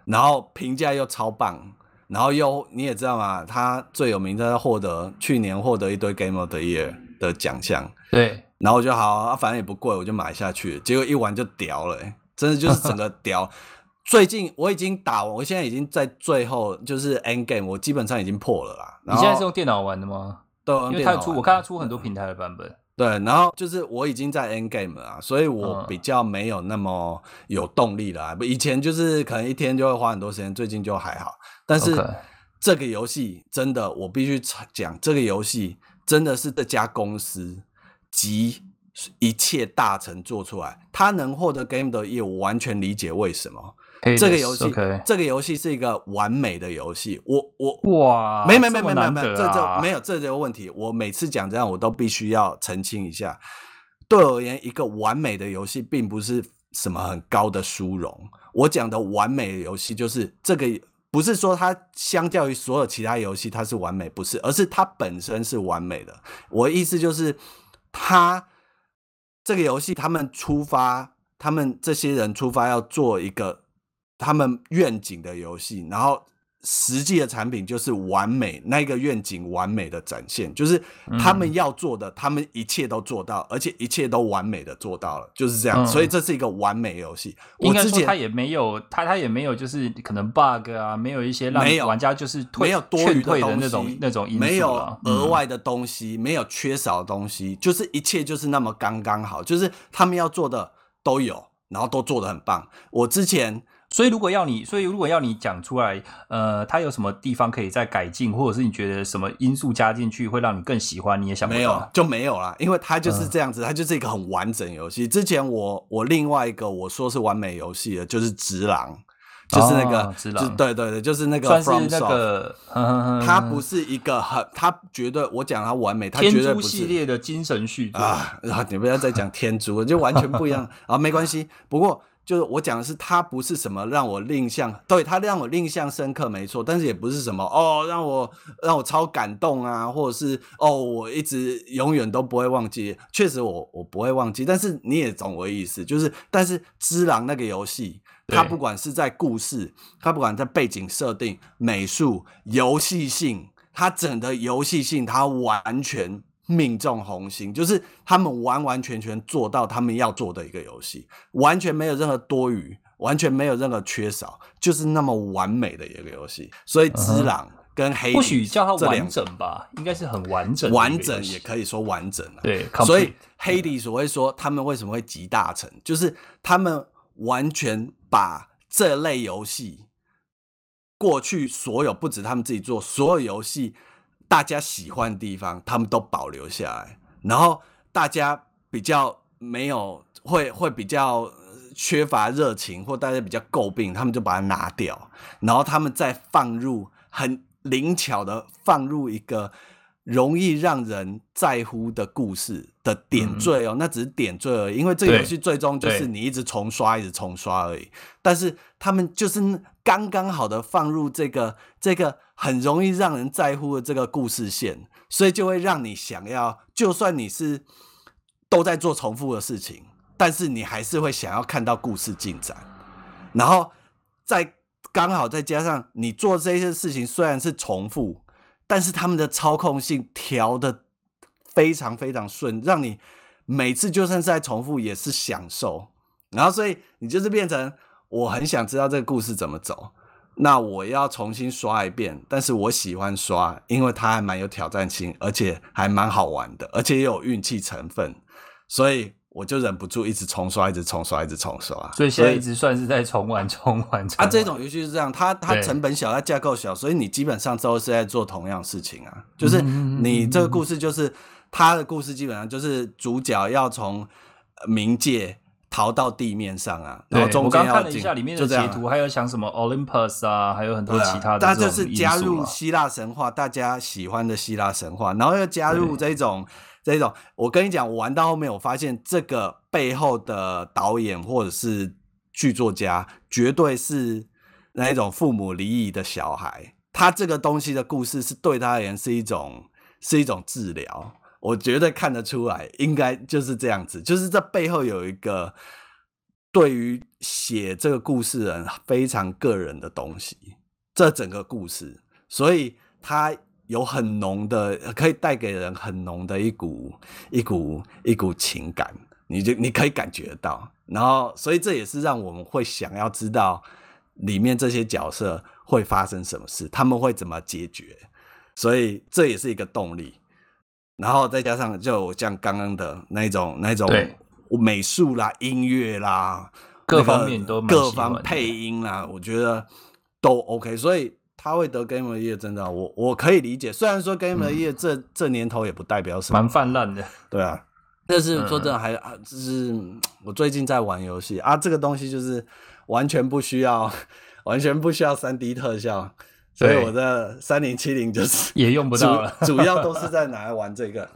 然後評價又超棒，然後又你也知道嘛，他最有名，他獲得去年獲得一堆 Game of the Year 的獎項，對。然後我就好、啊，反正也不貴，我就買下去。結果一玩就屌了，真的就是整個屌。 (laughs) 最近我已經打完，我現在已經在最後就是 Endgame，我基本上已經破了啦。你現在是用電腦玩的嗎？都用電腦。對，因為他出，我看他出很多平台的版本。嗯、對，然後就是我已經在 Endgame 了啊，所以我比較沒有那麼有動力了。不、嗯，以前就是可能一天就會花很多時間，最近就還好。但是這個遊戲真的，我必須講，這個遊戲真的是這家公司集一切大成做出來，他能獲得 Game 的業務，我完全理解為什麼。Hey, 這個遊戲、okay，這個遊戲是一個完美的遊戲。我我哇，沒沒沒沒沒沒，這就、啊、沒有這就問題。我每次講這樣，我都必須要澄清一下。對我而言，一個完美的遊戲並不是什麼很高的殊榮。我講的完美的遊戲就是這個，不是說它相較於所有其他遊戲它是完美，不是，而是它本身是完美的。我的意思就是，它這個遊戲，他們出發，他們這些人出發要做一個。他們願景的遊戲，然後實際的產品就是完美，那個願景完美的展現，就是他們要做的。嗯，他們一切都做到，而且一切都完美的做到了，就是這樣。嗯、所以這是一個完美遊戲。應該說他也沒有，他他也沒有，就是可能 bug 啊，沒有一些讓玩家，就是退沒有多餘的，勸退的那種那種因素、啊，沒有額外的東西，沒有缺少的東西，就是一切就是那麼剛剛好，就是他們要做的都有，然後都做得很棒。我之前。所以，如果要你，所以如果要你講出來，呃，它有什麼地方可以再改進，或者是你覺得什麼因素加進去會讓你更喜歡，你也想不想？沒有，就沒有啦，因為它就是這樣子，嗯、它就是一個很完整遊戲。之前我我另外一個我說是完美遊戲的，就是《隻狼》，就是那個、哦哦、隻狼，對對對，就是那個算是那個 from soft、嗯，它不是一個很，他絕對我講它完美，他絕對不是，天誅系列的精神續集。啊，你不要再講天誅了，就完全不一樣 (laughs) 啊，沒關係，不過。就是我講的是，他不是什麼讓我印象，對，他讓我印象深刻，沒錯。但是也不是什麼哦，讓我讓我超感動啊，或者是哦，我一直永遠都不會忘記。確實我，我我不會忘記。但是你也懂我的意思，就是，但是《只狼》那個遊戲，它不管是在故事，它不管在背景設定、美術、遊戲性，它整個遊戲性，它完全。命中紅心，就是他們完完全全做到他們要做的一個遊戲，完全沒有任何多餘，完全沒有任何缺少，就是那麼完美的一個遊戲。所以，隻狼跟黑迪、uh -huh.，或許叫它完整吧，應該是很完整。完整也可以說完整啊。對。Complete, 所以，黑迪所謂說他們為什麼會集大成，嗯、就是他們完全把這類遊戲過去所有，不止他們自己做，所有遊戲。大家喜歡的地方，他們都保留下來。然後大家比較沒有會會比較缺乏熱情，或大家比較詬病，他們就把它拿掉。然後他們再放入很靈巧的放入一個容易讓人在乎的故事的點綴哦，嗯，那只是點綴而已。因為這遊戲最終就是你一直重刷，一直重刷而已。但是他們就是剛剛好的放入這個這個。很容易讓人在乎的這個故事線，所以就會讓你想要，就算你是都在做重複的事情，但是你還是會想要看到故事進展。然後，再剛好再加上你做這些事情雖然是重複，但是他們的操控性調得非常非常順，讓你每次就算是在重複也是享受。然後，所以你就是變成我很想知道這個故事怎麼走，那我要重新刷一遍，但是我喜歡刷，因為它還蠻有挑戰性，而且還蠻好玩的，而且也有運氣成分，所以我就忍不住一直重刷，一直重刷，一直重刷。所以現在一直算是在重玩、重玩、啊、重玩。啊，它這種遊戲是這樣，它它成本小，它架構小，所以你基本上都是在做同樣事情啊，就是你這個故事、就是嗯，就是它的故事基本上就是主角要從冥界逃到地面上啊！然後中間我剛，剛看了一下裡面的截圖，啊、還有像什麼 Olympus 啊，還有很多其他的、啊。但是、啊、是加入希臘、啊、希臘神話，大家喜歡的希臘神話，然後又加入這一種這一種。我跟你講，我玩到後面，我發現這個背後的導演或者是劇作家，絕對是那一種父母離異的小孩。他這個東西的故事，是對他而言是一種，是一種治療。我覺得看得出來，應該就是這樣子，就是這背後有一個對於寫這個故事的人非常個人的東西，這整個故事，所以它有很濃的，可以帶給人很濃的一股一股一股情感，你就你可以感覺到。然後，所以這也是讓我們會想要知道裡面這些角色會發生什麼事，他們會怎麼解決，所以這也是一個動力。然後再加上，就像剛剛的那種那種美術啦、音樂啦，各方面都、那個、各方配音啦，我覺得都 OK。所以他會得 Game of the Year 真的，我我可以理解。雖然說 Game of the Year 這、嗯、這年頭也不代表什麼，蠻氾濫的，對啊。但是說真的，還啊，就是我最近在玩遊戲、嗯、啊，這個東西就是完全不需要，完全不需要三 D 特效。所以我的三零七零就是也用不到了，主，主要都是在拿來玩這個？誒、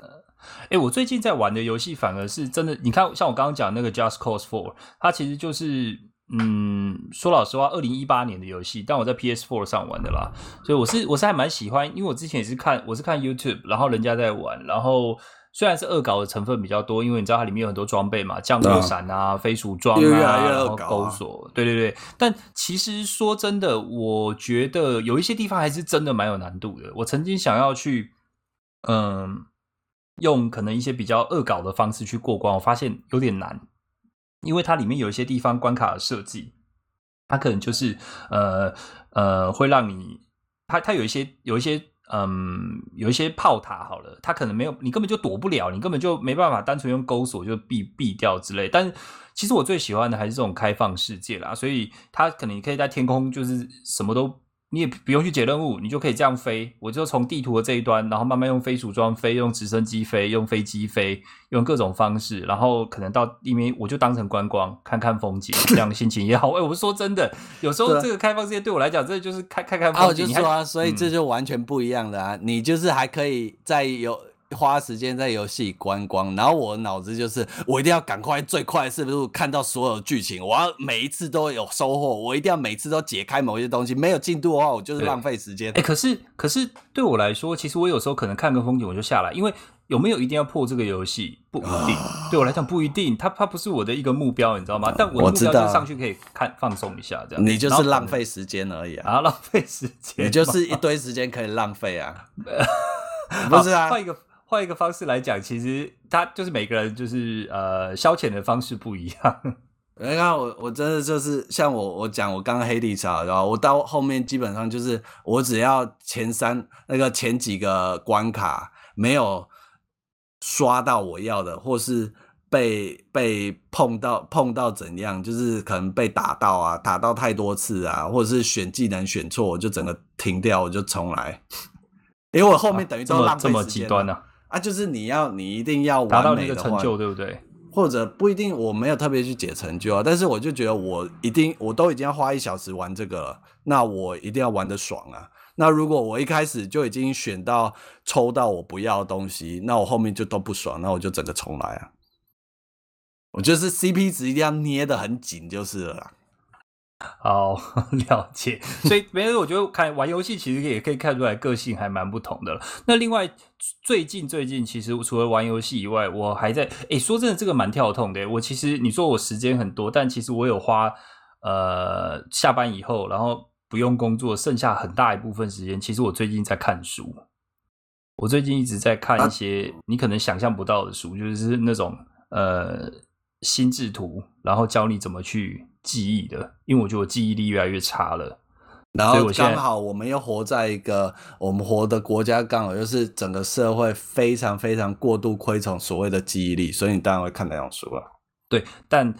(laughs) 欸，我最近在玩的遊戲反而是真的，你看，像我剛剛講那個 Just Cause Four，它其實就是嗯，說老實話，二零一八年的遊戲，但我在 PS Four 上玩的啦，所以我是我是還蠻喜歡，因為我之前也是看我是看 YouTube，然後人家在玩，然後。雖然是惡搞的成分比較多，因為你知道它裡面有很多裝備嘛，降落傘啊、嗯、飛鼠裝啊，啊，然後鈎索，對對對。但其實說真的，我覺得有一些地方還是真的蠻有難度的。我曾經想要去，嗯、呃，用可能一些比較惡搞的方式去過關，我發現有點難，因為它裡面有一些地方關卡的設計，它可能就是呃呃，會讓你，它它有一些有一些。嗯，有一些炮塔，好了，它可能沒有，你根本就躲不了，你根本就沒辦法單純用鈎鎖就避避掉之類。但其實我最喜歡的還是這種開放世界啦，所以它可能你可以在天空，就是什麼都。你也不用去解任務，你就可以這樣飛。我就從地圖的這一端，然後慢慢用飛鼠裝飛，用直升機飛，用飛機飛，用各種方式，然後可能到地面我就當成觀光，看看風景，這樣的心情也好。哎、 (laughs) 欸，我不說真的，有時候這個開放世界對我來講，這就是開開開。啊，我、哦、就是、說啊，所以這就完全不一樣的啊，嗯、你就是還可以再有。花時間在遊戲觀光，然後我腦子就是我一定要趕快，最快是不是看到所有劇情？我要每一次都有收穫，我一定要每次都解開某些東西。沒有進度的話，我就是浪費時間、欸。可是可是對我來說，其實我有時候可能看個風景我就下來，因為有沒有一定要破這個遊戲不一定， (laughs) 對我來講不一定，它它不是我的一個目標，你知道嗎？嗯、但我目標就上去可以看放鬆一下，這樣你就是浪費時間而已啊，啊浪費時間，你就是一堆時間可以浪費啊，不是啊，換 (laughs) 一個。換一個方式來講，其實他就是每個人就是呃消遣的方式不一樣。你看我我真的就是像我我講我剛剛黑歷史啊，對，我到後面基本上就是我只要前三那個前幾個關卡沒有刷到我要的，或是被被碰到碰到怎樣，就是可能被打到啊，打到太多次啊，或者是選技能選錯，我就整個停掉，我就重來。因為我後面等於都浪費、啊、這麼極端啊。啊，就是你要，你一定要達到那個成就，對不對？或者不一定，我沒有特別去解成就啊。但是我就覺得，我一定，我都已經要花一小時玩這個了，那我一定要玩得爽啊。那如果我一開始就已經選到抽到我不要的東西，那我後面就都不爽，那我就整個重來啊。我就是 CP 值一定要捏得很緊，就是了啦。好，了解，所以 (laughs) 沒事。我覺得看玩遊戲其實也可以看出來個性還蠻不同的。那另外最近最近，其實除了玩遊戲以外，我還在哎、欸，說真的，這個蠻跳痛的。我其實你說我時間很多，但其實我有花呃下班以後，然後不用工作，剩下很大一部分時間，其實我最近在看書。我最近一直在看一些你可能想象不到的書，就是那種呃心智圖，然後教你怎麼去。記憶的，因為我覺得我記憶力越來越差了。然後剛好我們又活在一個我們活的國家，剛好就是整個社會非常非常過度推崇所謂的記憶力，所以你當然會看那種書啊，對，但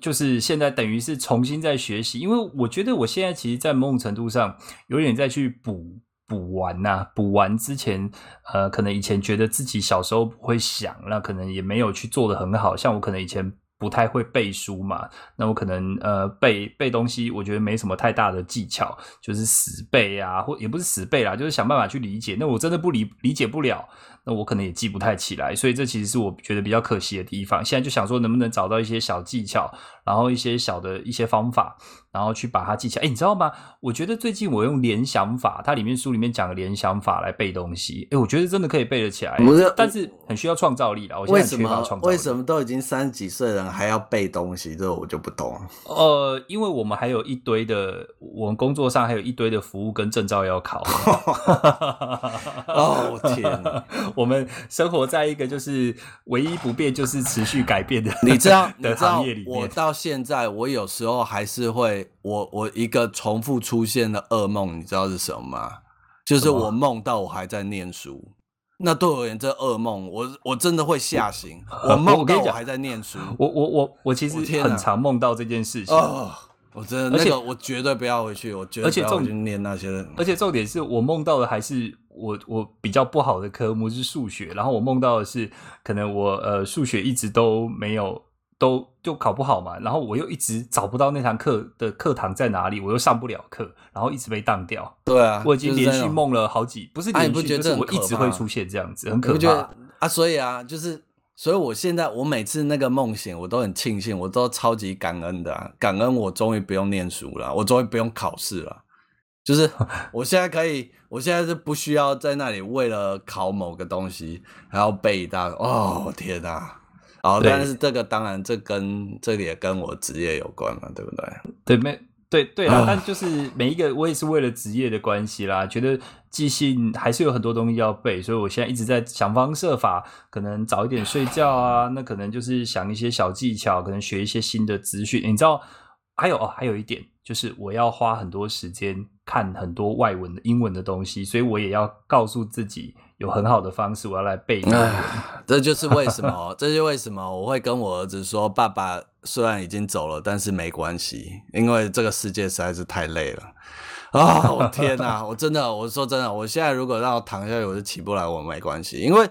就是現在等於是重新在學習，因為我覺得我現在其實，在某種程度上有點在去補補完吶、啊，補完之前，呃，可能以前覺得自己小時候不會想，那可能也沒有去做得很好，像我可能以前。不太會背書嘛，那我可能呃背背東西，我覺得沒什麼太大的技巧，就是死背啊，或也不是死背啦，就是想辦法去理解。那我真的不理，理解不了，那我可能也記不太起來，所以這其實是我覺得比較可惜的地方。現在就想說，能不能找到一些小技巧。然後一些小的一些方法，然後去把它記起來。哎，你知道嗎？我覺得最近我用聯想法，它裡面書裡面講的聯想法來背東西。哎，我覺得真的可以背得起來。不是，但是很需要創造力啦。為什麼創造力？為什麼都已經三十幾歲人還要背東西？這我就不懂。呃，因為我們還有一堆的，我們工作上還有一堆的服務跟證照要考。哦、 (laughs) (laughs) (laughs) oh、天！ (laughs) 我們生活在一個就是唯一不變就是持續改變的 (laughs) 你，你知道？ (laughs) 的行業裡面，我到。到現在我有時候還是會，我我一個重複出現的噩夢，你知道是什麼嗎？就是我夢到我還在念書，啊、那對我而言，這噩夢我我真的會嚇醒。我夢到我還在念書，我我我我其實很常夢到這件事情。我、啊哦、我真的，而且、那個、我絕對不要回去，我絕對不要去，而且重點念那些，而且重點是我夢到的還是我我比較不好的科目是數學，然後我夢到的是可能我呃數學一直都沒有。都就考不好嘛，然後我又一直找不到那堂課的課堂在哪裡，我又上不了課，然後一直被當掉。對啊，我已經連續夢了好幾，就是、不是你不覺得、就是、我一直會出現這樣子，很可怕覺得啊！所以啊，就是所以，我現在我每次那個夢醒，我都很慶幸，我都超級感恩的、啊，感恩我終於不用念書了，我終於不用考試了，就是我現在可以， (laughs) 我現在是不需要在那裡為了考某個東西還要背一大，哦，天哪、啊！哦、oh，但是這個當然，這跟這也跟我職業有關嘛、啊，對不對？對，沒對對啊。Oh. 但就是每一個我也是為了職業的關係啦，覺得記性還是有很多東西要背，所以我現在一直在想方設法，可能早一點睡覺啊，那可能就是想一些小技巧，可能學一些新的資訊。你知道，還有哦，還有一點就是我要花很多時間看很多外文的英文的東西，所以我也要告訴自己。有很好的方式，我要來背、呃。這就是為什麼， (laughs) 這就是為什麼我會跟我兒子說：爸爸雖然已經走了，但是沒關係，因為這個世界實在是太累了。哦、啊，我天哪！我真的，我說真的，我現在如果讓我躺下去，我就起不來，我沒關係，因為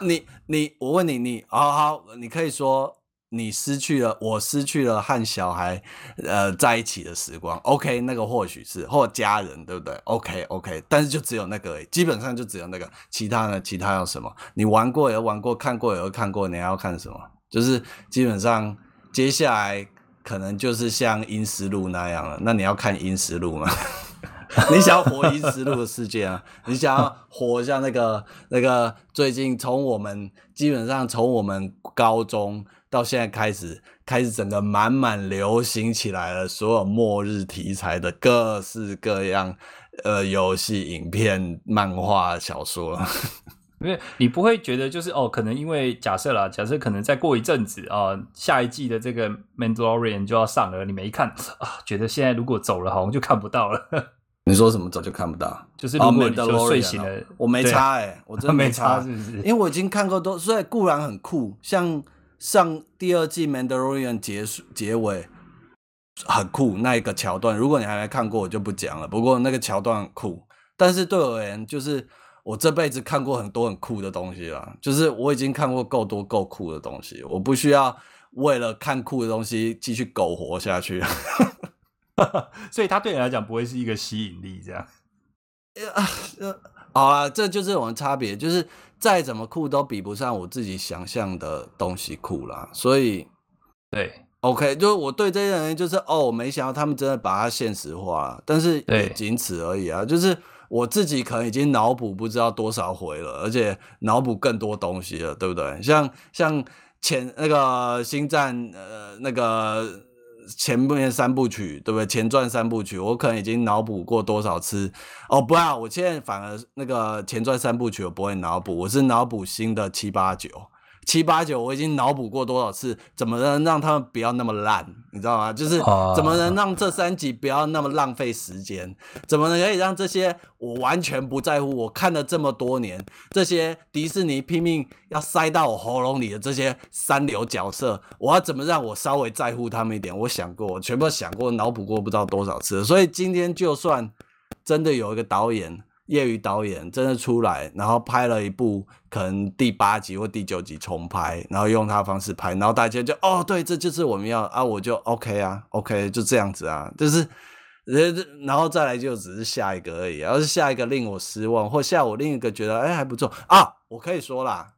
你，你，我問你，你好、哦、好，你可以說。你失去了，我失去了和小孩呃在一起的時光。OK，那個或許是或家人，對不對？OK，OK，、okay, okay, 但是就只有那個而已，基本上就只有那個。其他的其他要什麼？你玩過也玩過，看過也會看過。你要看什麼？就是基本上接下來可能就是像《陰屍路》那樣了。那你要看《陰屍路》嗎？ (laughs) 你想要活《陰屍路》的世界啊？ (laughs) 你想要活一下那個那個最近從我們基本上從我們高中。到現在開始，開始整個滿滿流行起來了，所有末日題材的各式各樣，呃，遊戲、影片、漫畫、小說，因為你不會覺得就是哦，可能因為假設啦，假設可能再過一陣子啊、哦，下一季的這個《曼達洛人》就要上了，你沒看啊、哦，覺得現在如果走了，好像就看不到了。你說什麼走就看不到？就是曼達洛睡醒了，哦哦、我沒差哎、欸啊，我真的沒差， (laughs) 因為我已經看過都，所以固然很酷，像。上第二季《Mandalorian》結束結尾很酷，那一個橋段，如果你還來看過，我就不講了。不過那個橋段很酷，但是對我而言，就是我這輩子看過很多很酷的東西了，就是我已經看過夠多夠酷的東西，我不需要為了看酷的東西繼續苟活下去。 (laughs) (laughs) 所以他對你來講不會是一個吸引力，這樣。呃、 (laughs) 啊啊，好啊，這就是我們差別，就是。再怎麼酷都比不上我自己想象的東西酷啦，所以，對，OK，就是我對這些人就是哦，我沒想到他們真的把它現實化，但是也僅此而已啊。就是我自己可能已經腦補不知道多少回了，而且腦補更多東西了，對不對？像像前那個《星戰》呃那個。前面三部曲，對不對？前傳三部曲，我可能已經腦補過多少次？哦，不啊，我現在反而那個前傳三部曲我不會腦補，我是腦補新的七八九。七八九，我已經腦補過多少次，怎麼能讓他們不要那麼爛？你知道嗎？就是怎麼能讓這三集不要那麼浪費時間？怎麼能可以讓這些我完全不在乎，我看了這麼多年，這些迪士尼拼命要塞到我喉嚨裡的這些三流角色，我要怎麼讓我稍微在乎他們一點？我想過，我全部想過，腦補過不知道多少次。所以今天就算真的有一個導演。業餘導演真的出來，然後拍了一部，可能第八集或第九集重拍，然後用他的方式拍，然後大家就哦，對，這就是我們要啊，我就 OK 啊，OK 就這樣子啊，就是，然後再來就只是下一個而已、啊，要是下一個令我失望，或下我另一個覺得哎、欸、還不錯啊，我可以說啦，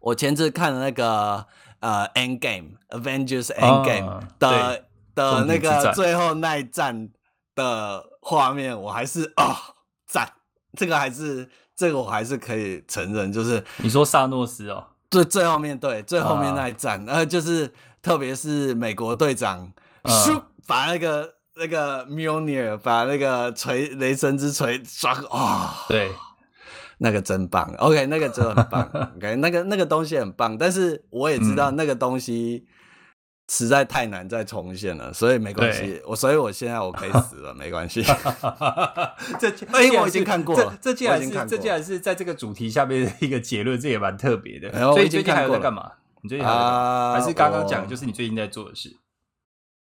我前次看了那個呃《End Game》《Avengers End Game、啊》的的那個最後那一戰的畫面，我還是啊。讚，這個還是這個我還是可以承認，就是你說薩諾斯哦，最最後面對最後面那一戰，啊，呃，就是特別是美國隊長、啊，把那個那個 Mjolnir 把那個錘雷神之錘刷個啊、哦，對，那個真棒，OK，那個真的很棒 (laughs) ，o、OK, k 那個那個東西很棒，但是我也知道那個東西。嗯實在太難再重現了，所以沒關係。我所以，我現在我可以死了， (laughs) 沒關係係。 (laughs) 這哎、欸欸，我已經看過了。這竟然是這竟然是在這個主題下面的一個結論，這也蠻特別的。所以、呃、最近還在幹嘛？你最近還、呃、還是剛剛講，就是你最近在做的事。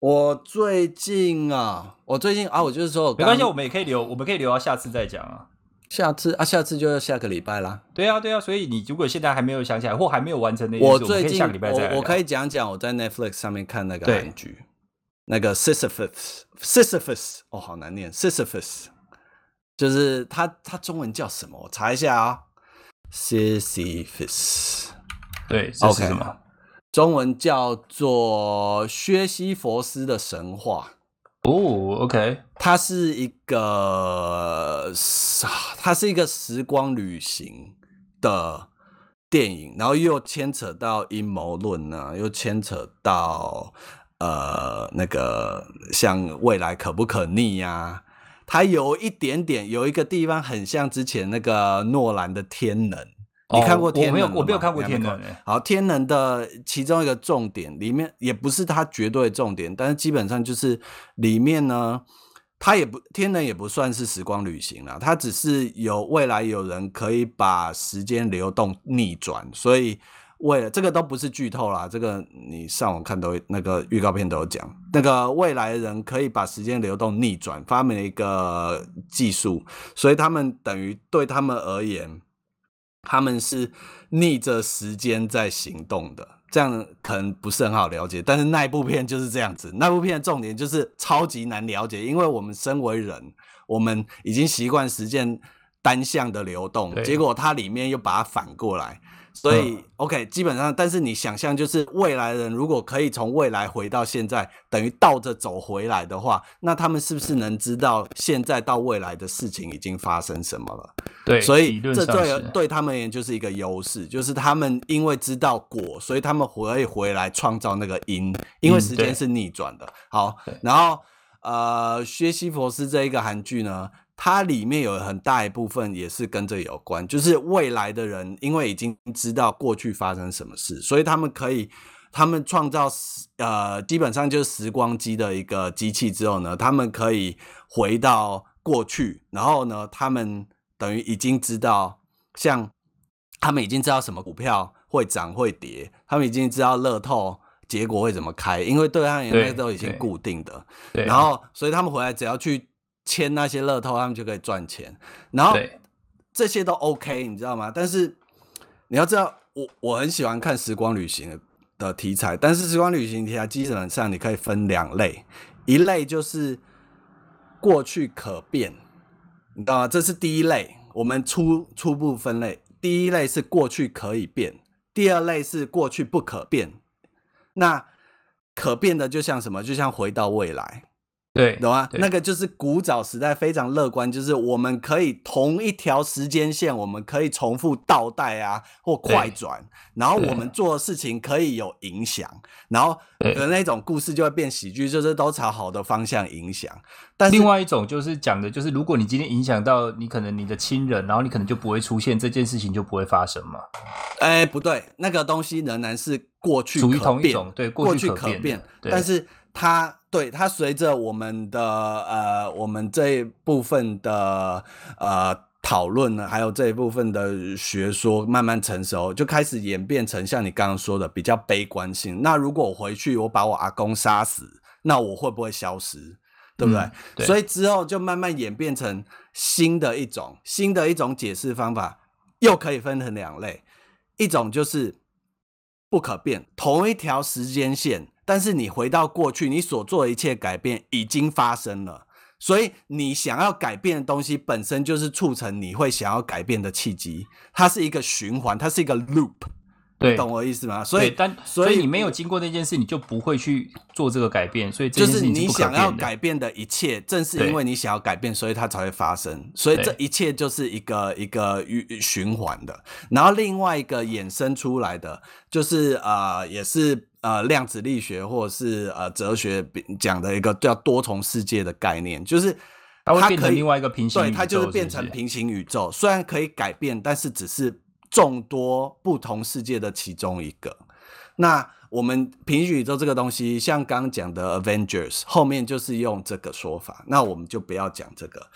我最近啊，我最近啊，我就是說剛剛，沒關係，我們也可以留，我們可以留到下次再講啊。下次啊，下次就要下個禮拜啦。對啊，對啊，所以你如果現在還沒有想起來或還沒有完成的意思，我最近，我可以下禮拜再來我,我可以講講我在 Netflix 上面看那個韓劇，那個 Sisyphus，Sisyphus Sisyphus, 哦，好難念，Sisyphus 就是它，它中文叫什麼？我查一下啊、哦、，Sisyphus，對，這是什麼、okay？中文叫做《薛西佛斯的神話》。哦，OK，它是一個，它是一個時光旅行的電影，然後又牽扯到陰謀論呢，又牽扯到呃那個像未來可不可逆呀，啊。它有一點點有一個地方很像之前那個諾蘭的《天能》。你看過天、哦？我沒有，我沒有看過天能。好，天能的其中一個重點，裡面也不是它絕對的重點，但是基本上就是裡面呢，它也不，天能也不算是時光旅行了，它只是有未來有人可以把時間流動逆轉，所以為了這個都不是劇透啦，這個你上網看都那個預告片都有講，那個未來的人可以把時間流動逆轉，發明了一個技術，所以他們等於對他們而言。他們是逆着時間在行動的，這樣可能不是很好了解。但是那一部片就是這樣子，那部片的重點就是超級難了解，因為我們身為人，我們已經習慣時間單向的流動，啊、結果它裡面又把它反過來。所以、嗯，OK，基本上，但是你想象，就是未來人如果可以從未來回到現在，等於倒着走回來的話，那他們是不是能知道現在到未來的事情已經發生什麼了？對，所以這對對他們而言就是一個優勢，就是他們因為知道果，所以他們回回來創造那個因，因為時間是逆轉的。嗯、好，然後呃，薛西弗斯這一個韓劇呢？它裡面有很大一部分也是跟這有關，就是未來的人因為已經知道過去發生什麼事，所以他們可以，他們創造呃，基本上就是時光機的一個機器之後呢，他們可以回到過去，然後呢，他們等於已經知道，像他們已經知道什麼股票會漲會跌，他們已經知道樂透結果會怎麼開，因為對他們來說都已經固定的，對，對，然後，對啊，所以他們回來只要去。簽那些樂透，他們就可以賺錢。然後這些都 OK，你知道嗎？但是你要知道，我我很喜歡看時光旅行的題材。但是時光旅行題材基本上你可以分兩類，一類就是過去可變，你知道嗎？這是第一類。我們初初步分類，第一類是過去可以變，第二類是過去不可變。那可變的就像什麼？就像回到未來。對，對，懂嗎？那個就是古早時代非常樂觀，就是我們可以同一條時間線，我們可以重複倒帶啊，或快轉，然後我們做的事情可以有影響，然後的那種故事就會變喜劇，就是都朝好的方向影響。但另外一種就是講的，就是如果你今天影響到你可能你的親人，然後你可能就不會出現這件事情，就不會發生嘛？哎，不對，那個東西仍然是過去可變，屬於同一種對，過去可變，去可變，但是。他對他隨着我們的呃我們這一部分的呃討論呢，還有這一部分的學說慢慢成熟，就開始演變成像你剛剛說的比較悲觀性。那如果我回去，我把我阿公殺死，那我會不會消失？嗯，對不對？對？所以之後就慢慢演變成新的一種新的一種解釋方法，又可以分成兩類，一種就是不可變，同一條時間線。但是你回到過去，你所做的一切改變已經發生了，所以你想要改變的東西本身就是促成你會想要改變的契機，它是一個循環，它是一個 loop，對，懂我意思嗎？所以，但所以，所以你沒有經過那件事，你就不會去做這個改變，所以這就是你想要改變的一切，正是因為你想要改變，所以它才會發生，所以這一切就是一個一個循循環的。然後另外一個衍生出來的就是呃，也是。呃，量子力學或者是呃哲學講的一個叫多重世界的概念，就是它可以，它會變成另外一個平行宇宙，對，它就是變成平行宇宙。是是雖然可以改變，但是只是眾多不同世界的其中一個。那我們平行宇宙這個東西，像剛剛講的 Avengers 後面就是用這個說法，那我們就不要講這個。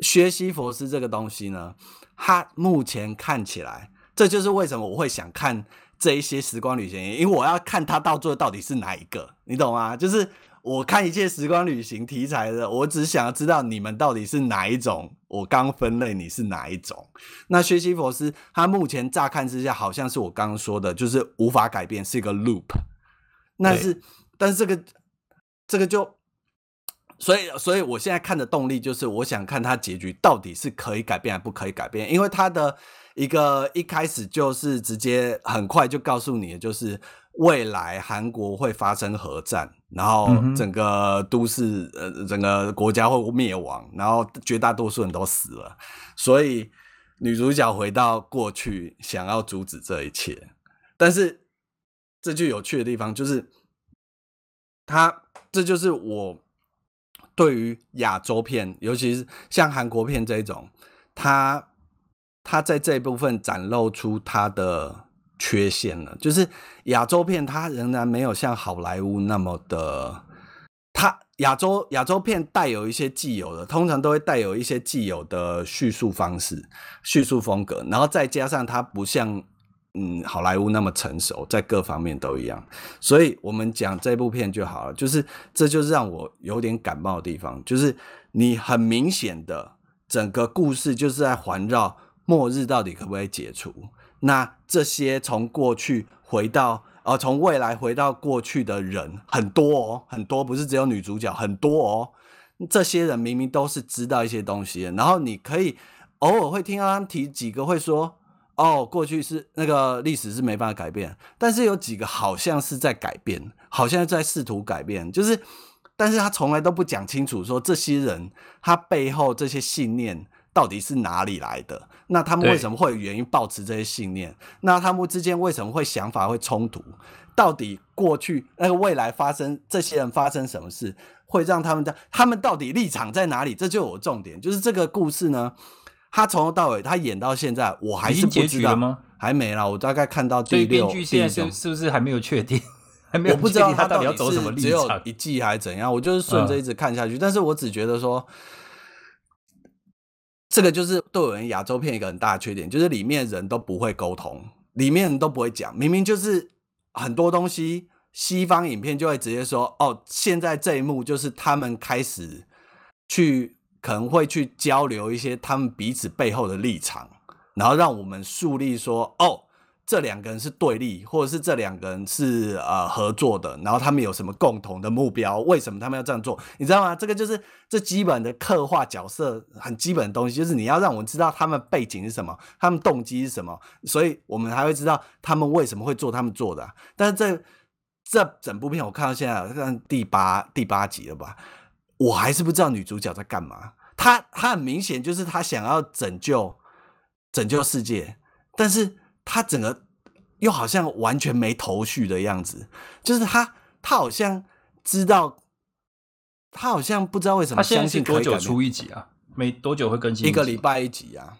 薛西弗斯這個東西呢，它目前看起來，這就是為什麼我會想看。這一些時光旅行，因為我要看他到做的到底是哪一個，你懂嗎？就是我看一切時光旅行題材的，我只想要知道你們到底是哪一種。我剛分類你是哪一種？那薛西佛斯他目前乍看之下好像是我剛剛說的，就是無法改變是一個 loop。那是，但是，但是這個這個就，所以所以我現在看的動力就是，我想看他結局到底是可以改變還不可以改變，因為他的。一個一開始就是直接很快就告訴你的，就是未來韓國會發生核戰，然後整個都市呃，整個國家會滅亡，然後絕大多數人都死了。所以女主角回到過去，想要阻止這一切。但是這句有趣的地方就是，她這就是我對於亞洲片，尤其是像韓國片這一種，她。他在這一部分展露出他的缺陷了，就是亞洲片，他仍然沒有像好萊塢那麼的，他亞洲亞洲片帶有一些既有的，通常都會帶有一些既有的敘述方式、敘述風格，然後再加上他不像嗯好萊塢那麼成熟，在各方面都一樣。所以我們講這部片就好了，就是這就是讓我有點感冒的地方，就是你很明顯的整個故事就是在環繞。末日到底可不可以解除？那這些從過去回到，呃，從未來回到過去的人很多哦，很多不是只有女主角，很多哦。這些人明明都是知道一些東西的，然後你可以偶爾會聽到他們提幾個，會說：“哦，過去是那個歷史是沒辦法改變。”但是有幾個好像是在改變，好像在試圖改變，就是，但是他從來都不講清楚，說這些人他背後這些信念到底是哪裡來的？那他們為什麼會有原因抱持這些信念？那他們之間為什麼會想法會衝突？到底過去那個未來發生，這些人發生什麼事，會讓他們在他們到底立場在哪裡？這就有重點，就是這個故事呢，他從頭到尾，他演到現在，我還是不知道，已經結局了嗎？還沒了，我大概看到第六現在，第六季是是不是還沒有確定？還沒有，我不知道他到底要走什麼立場，只有一季還怎樣？我就是順着一直看下去，嗯，但是我只覺得說。這個就是對我們亞洲片一個很大的缺點，就是裡面人都不會溝通，裡面人都不會講。明明就是很多東西，西方影片就會直接說：“哦，現在這一幕就是他們開始去可能會去交流一些他們彼此背後的立場，然後讓我們樹立說哦。”這兩個人是對立，或者是這兩個人是呃合作的，然後他們有什麼共同的目標？為什麼他們要這樣做？你知道嗎？這個就是最基本的刻畫角色很基本的東西，就是你要讓我們知道他們背景是什麼，他們動機是什麼，所以我們還會知道他們為什麼會做他們做的啊。但是在這，這整部片我看到現在好像第八第八集了吧，我還是不知道女主角在幹嘛。她她很明顯就是她想要拯救拯救世界，但是。他整個又好像完全沒頭緒的樣子，就是他，他好像知道，他好像不知道為什麼。他相信多久出一集啊？沒多久會更新一集啊，一個禮拜一集啊！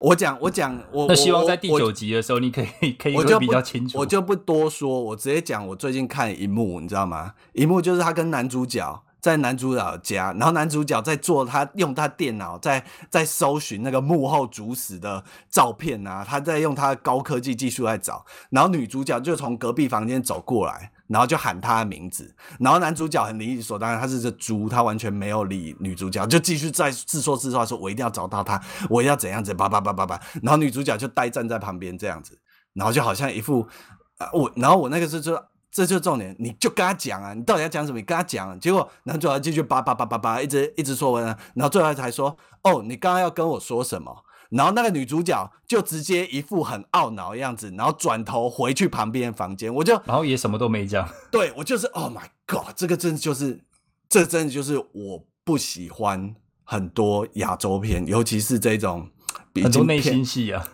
我講，我講，我，嗯，我，我那希望在第九集的時候，你可以可以會比較清楚。我，我就不多說，我直接講，我最近看一幕，你知道嗎？一幕就是他跟男主角。在男主角家，然後男主角在做他，他用他電腦在在搜尋那個幕後主使的照片啊，他在用他的高科技技術在找，然後女主角就從隔壁房間走過來，然後就喊他的名字，然後男主角很理所當然，他是隻豬，他完全沒有理女主角，就繼續在自說自話說，說我一定要找到他，我要怎樣子，叭叭叭叭叭，然後女主角就呆站在旁邊這樣子，然後就好像一副啊、呃、我，然後我那個時候就說。這就是重點，你就跟他講啊，你到底要講什麼？你跟他講啊，結果男主角繼續叭叭叭叭叭，一直一直說完，然後最後才說、啊、說：“哦，你剛剛要跟我說什麼？”然後那個女主角就直接一副很懊惱的樣子，然後轉頭回去旁邊房間，我就然後也什麼都沒講。對，我就是。Oh my god！這個真的就是，這個真的就是我不喜歡很多亞洲片，尤其是這種比很多內心戲啊。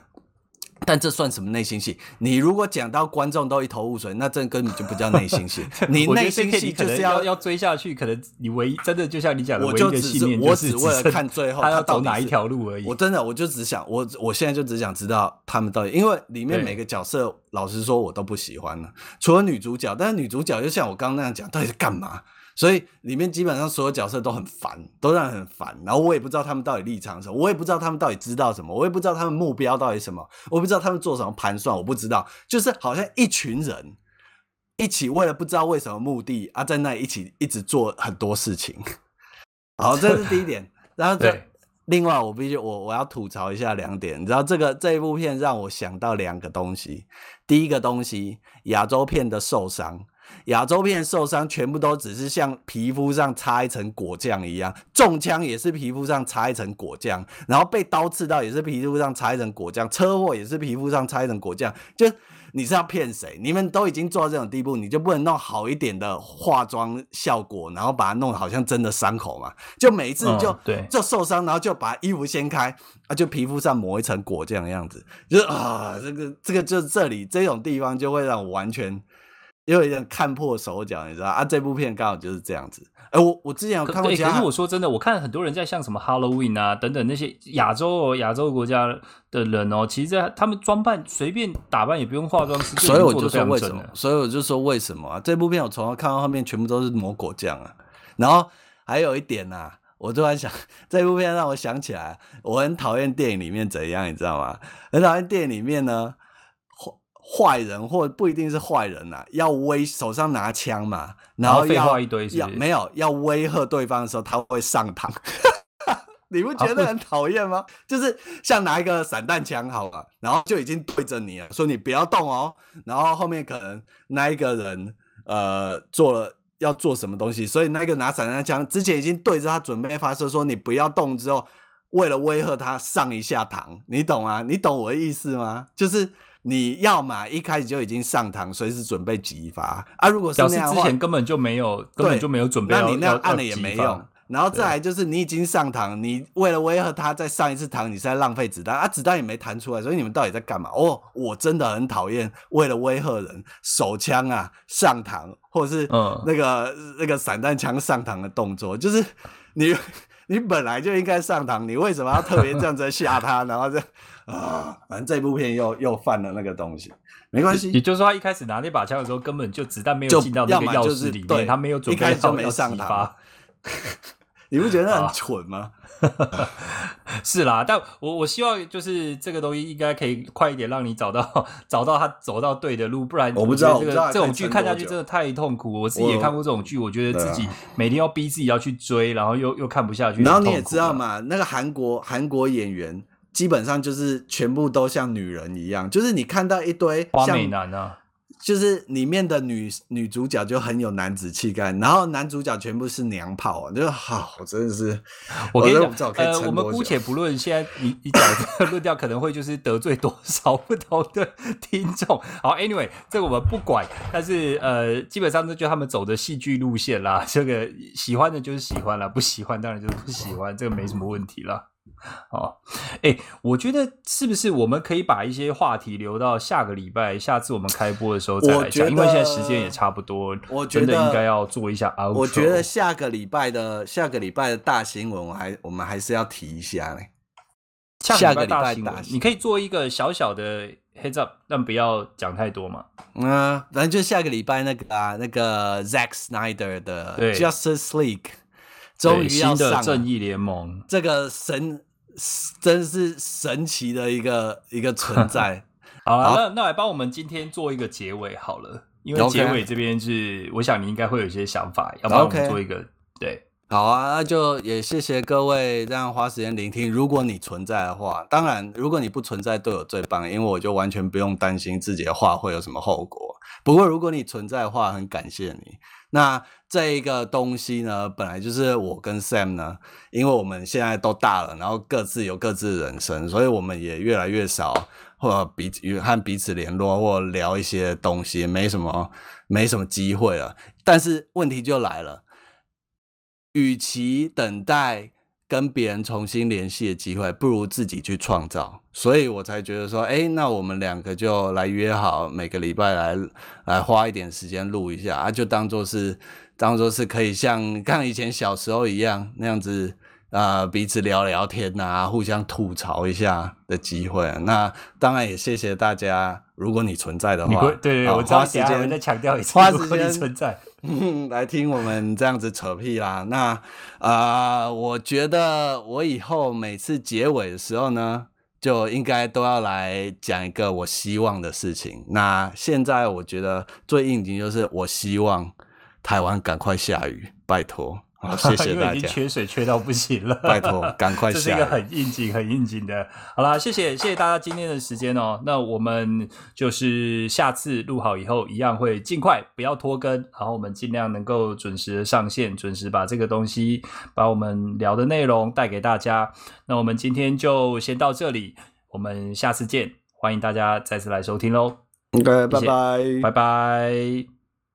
但這算什麼內心戲？你如果講到觀眾都一頭霧水，那這根本就不叫內心戲。 (laughs) 你內心戲就是要就是要，要，要追下去，可能你唯一真的就像你講的、就是，我就只是我只為了看最後 (laughs) 他要走哪一條路而已。我真的我就只想我我現在就只想知道他們到底，因為裡面每個角色老實說，我都不喜歡了，除了女主角。但是女主角又像我剛剛那樣講，到底是幹嘛？所以裡面基本上所有角色都很煩，都讓人很煩。然後我也不知道他們到底立場什麼，我也不知道他們到底知道什麼，我也不知道他們目標到底什麼，我不知道他們做什麼盤算，我不知道。就是好像一群人一起為了不知道為什麼目的啊，在那一起一直做很多事情。 (laughs) 好，這是第一點。然後對，另外我必須我我要吐槽一下兩點，你知道這個這一部片讓我想到兩個東西。第一個東西，亞洲片的受傷。亞洲片受傷全部都只是像皮膚上擦一層果醬一樣，中槍也是皮膚上擦一層果醬，然後被刀刺到也是皮膚上擦一層果醬，車禍也是皮膚上擦一層果醬。就你是要騙誰？你們都已經做到這種地步，你就不能弄好一點的化妝效果，然後把它弄好像真的傷口嘛？就每一次就、嗯、對就受傷，然後就把衣服掀開啊，就皮膚上抹一層果醬的樣子，就是啊，這個這個就是這裡這種地方就會讓我完全。又有點看破手腳，你知道啊？這部片剛好就是這樣子。哎、欸，我我之前有看過一下、欸。可是我說真的，我看很多人在像什麼 Halloween 啊等等那些亞洲哦亞洲國家的人哦，其實他們裝扮隨便打扮也不用化妝，所以我就說為什麼？所以我就說為什麼啊？這部片我從來看到後面全部都是抹果醬啊。然後還有一點吶、啊，我突然想，這部片讓我想起來，我很討厭電影裡面怎樣，你知道嗎？很討厭電影裡面呢。壞人，或不一定是壞人吶、啊，要威手上拿槍嘛，然要，然後廢話一堆是不是，要沒有要威嚇對方的時候，他會上膛， (laughs) 你不覺得很討厭嗎？啊、就是像拿一個散彈槍好了、啊，然後就已經對着你了，說你不要動哦，然後後面可能那一個人呃做了要做什麼東西，所以那個拿散彈槍之前已經對着他準備發射，說你不要動之後，為了威嚇他上一下膛，你懂啊？你懂我的意思嗎？就是。你要嘛一開始就已經上膛，隨時準備擊發啊！如果上膛之前根本就沒有，根本就沒有準備。那你那樣按了也沒用。然後再來就是你已經上膛，啊，你為了威嚇他再上一次膛，你是在浪費子彈啊！子彈也沒彈出來，所以你們到底在幹嘛？哦，oh,，我真的很討厭為了威嚇人，手槍啊上膛，或者是那個、嗯，那個散彈槍上膛的動作，就是你。 (laughs) 你本來就應該上膛，你為什麼要特別這樣子嚇他？ (laughs) 然後就啊、哦，反正這部片又又犯了那個東西，沒關係。也就是說，他一開始拿那把槍的時候，根本就子彈沒有進到那個藥室裡面就要、就是對，他沒有準備，就沒上膛。 (laughs) 你不覺得那很蠢嗎？ (laughs) 是啦，但我我希望就是這個東西應該可以快一點讓你找到找到他走到對的路，不然我、這個、我不知道這個這種劇看下去真的太痛苦。我自己也看過這種劇，我覺得自己每天要逼自己要去追，然後又又看不下去。然後你也知道嘛，那個韓國韓國演員基本上就是全部都像女人一樣，就是你看到一堆花美男啊。就是裡面的女女主角就很有男子氣概，然後男主角全部是娘炮。就好，真的是。我跟你講，我、呃、我們姑且不論現在你你講這個論調可能會就是得罪多少不同的聽眾。 (laughs) 好，Anyway，這個我們不管，但是呃，基本上這就是他們走的戲劇路線啦。這個喜歡的就是喜歡啦，不喜歡當然就是不喜歡，這個沒什麼問題啦。哦，哎、欸，我覺得是不是我們可以把一些話題留到下個禮拜，下次我們開播的時候再來講？因為現在時間也差不多，我覺得應該要做一下。我覺得下個禮拜的下個禮拜的大新聞我還，我我們還是要提一下嘞。下個禮,禮拜大新聞，你可以做一個小小的 heads up，但不要講太多嘛。嗯、啊，反正就下個禮拜那個、啊、那個 Zack Snyder 的 Justice League。周瑜的《正義聯盟》，這個神真是神奇的一個一個存在。 (laughs) 好，好了，那那來幫我們今天做一個結尾好了，因為結尾這邊是，Okay. 我想你應該會有一些想法，要幫我們做一個、Okay. 對。好啊，那就也謝謝各位這樣花時間聆聽。如果你存在的話，當然，如果你不存在對我最棒，因為我就完全不用擔心自己的話會有什麼後果。不過，如果你存在的話，很感謝你。那這一個東西呢，本來就是我跟 Sam 呢，因為我們現在都大了，然後各自有各自的人生，所以我們也越來越少或彼此與和彼此聯絡或聊一些東西，沒什麼沒什麼機會了。但是問題就來了。與其等待跟別人重新聯繫的機會，不如自己去創造。所以我才覺得說，哎、欸，那我們兩個就來約好，每個禮拜來來花一點時間錄一下，啊，就當做是當做是可以像剛以前小時候一樣，那樣子啊、呃，彼此聊聊天吶、啊，互相吐槽一下的機會。那當然也謝謝大家，如果你存在的話，對，對，對，啊、我，我花時間再強調一次，如果你存在。花 (laughs) 來聽我們這樣子扯屁啦。那啊、呃，我覺得我以後每次結尾的時候呢，就應該都要來講一個我希望的事情。那現在我覺得最應景就是，我希望台灣趕快下雨，拜托。謝謝大家。因為已經缺水，缺到不行了。拜托，趕快下來。這是一個很應景、很應景的。好啦。謝謝，謝謝大家今天的時間哦、喔。那我們就是下次錄好以後，一樣會儘快，不要拖更。然後我們盡量能夠準時上線，準時把這個東西，把我們聊的內容帶給大家。那我們今天就先到這裡，我們下次見。歡迎大家再次來收聽嘍。好拜拜，拜拜。Bye bye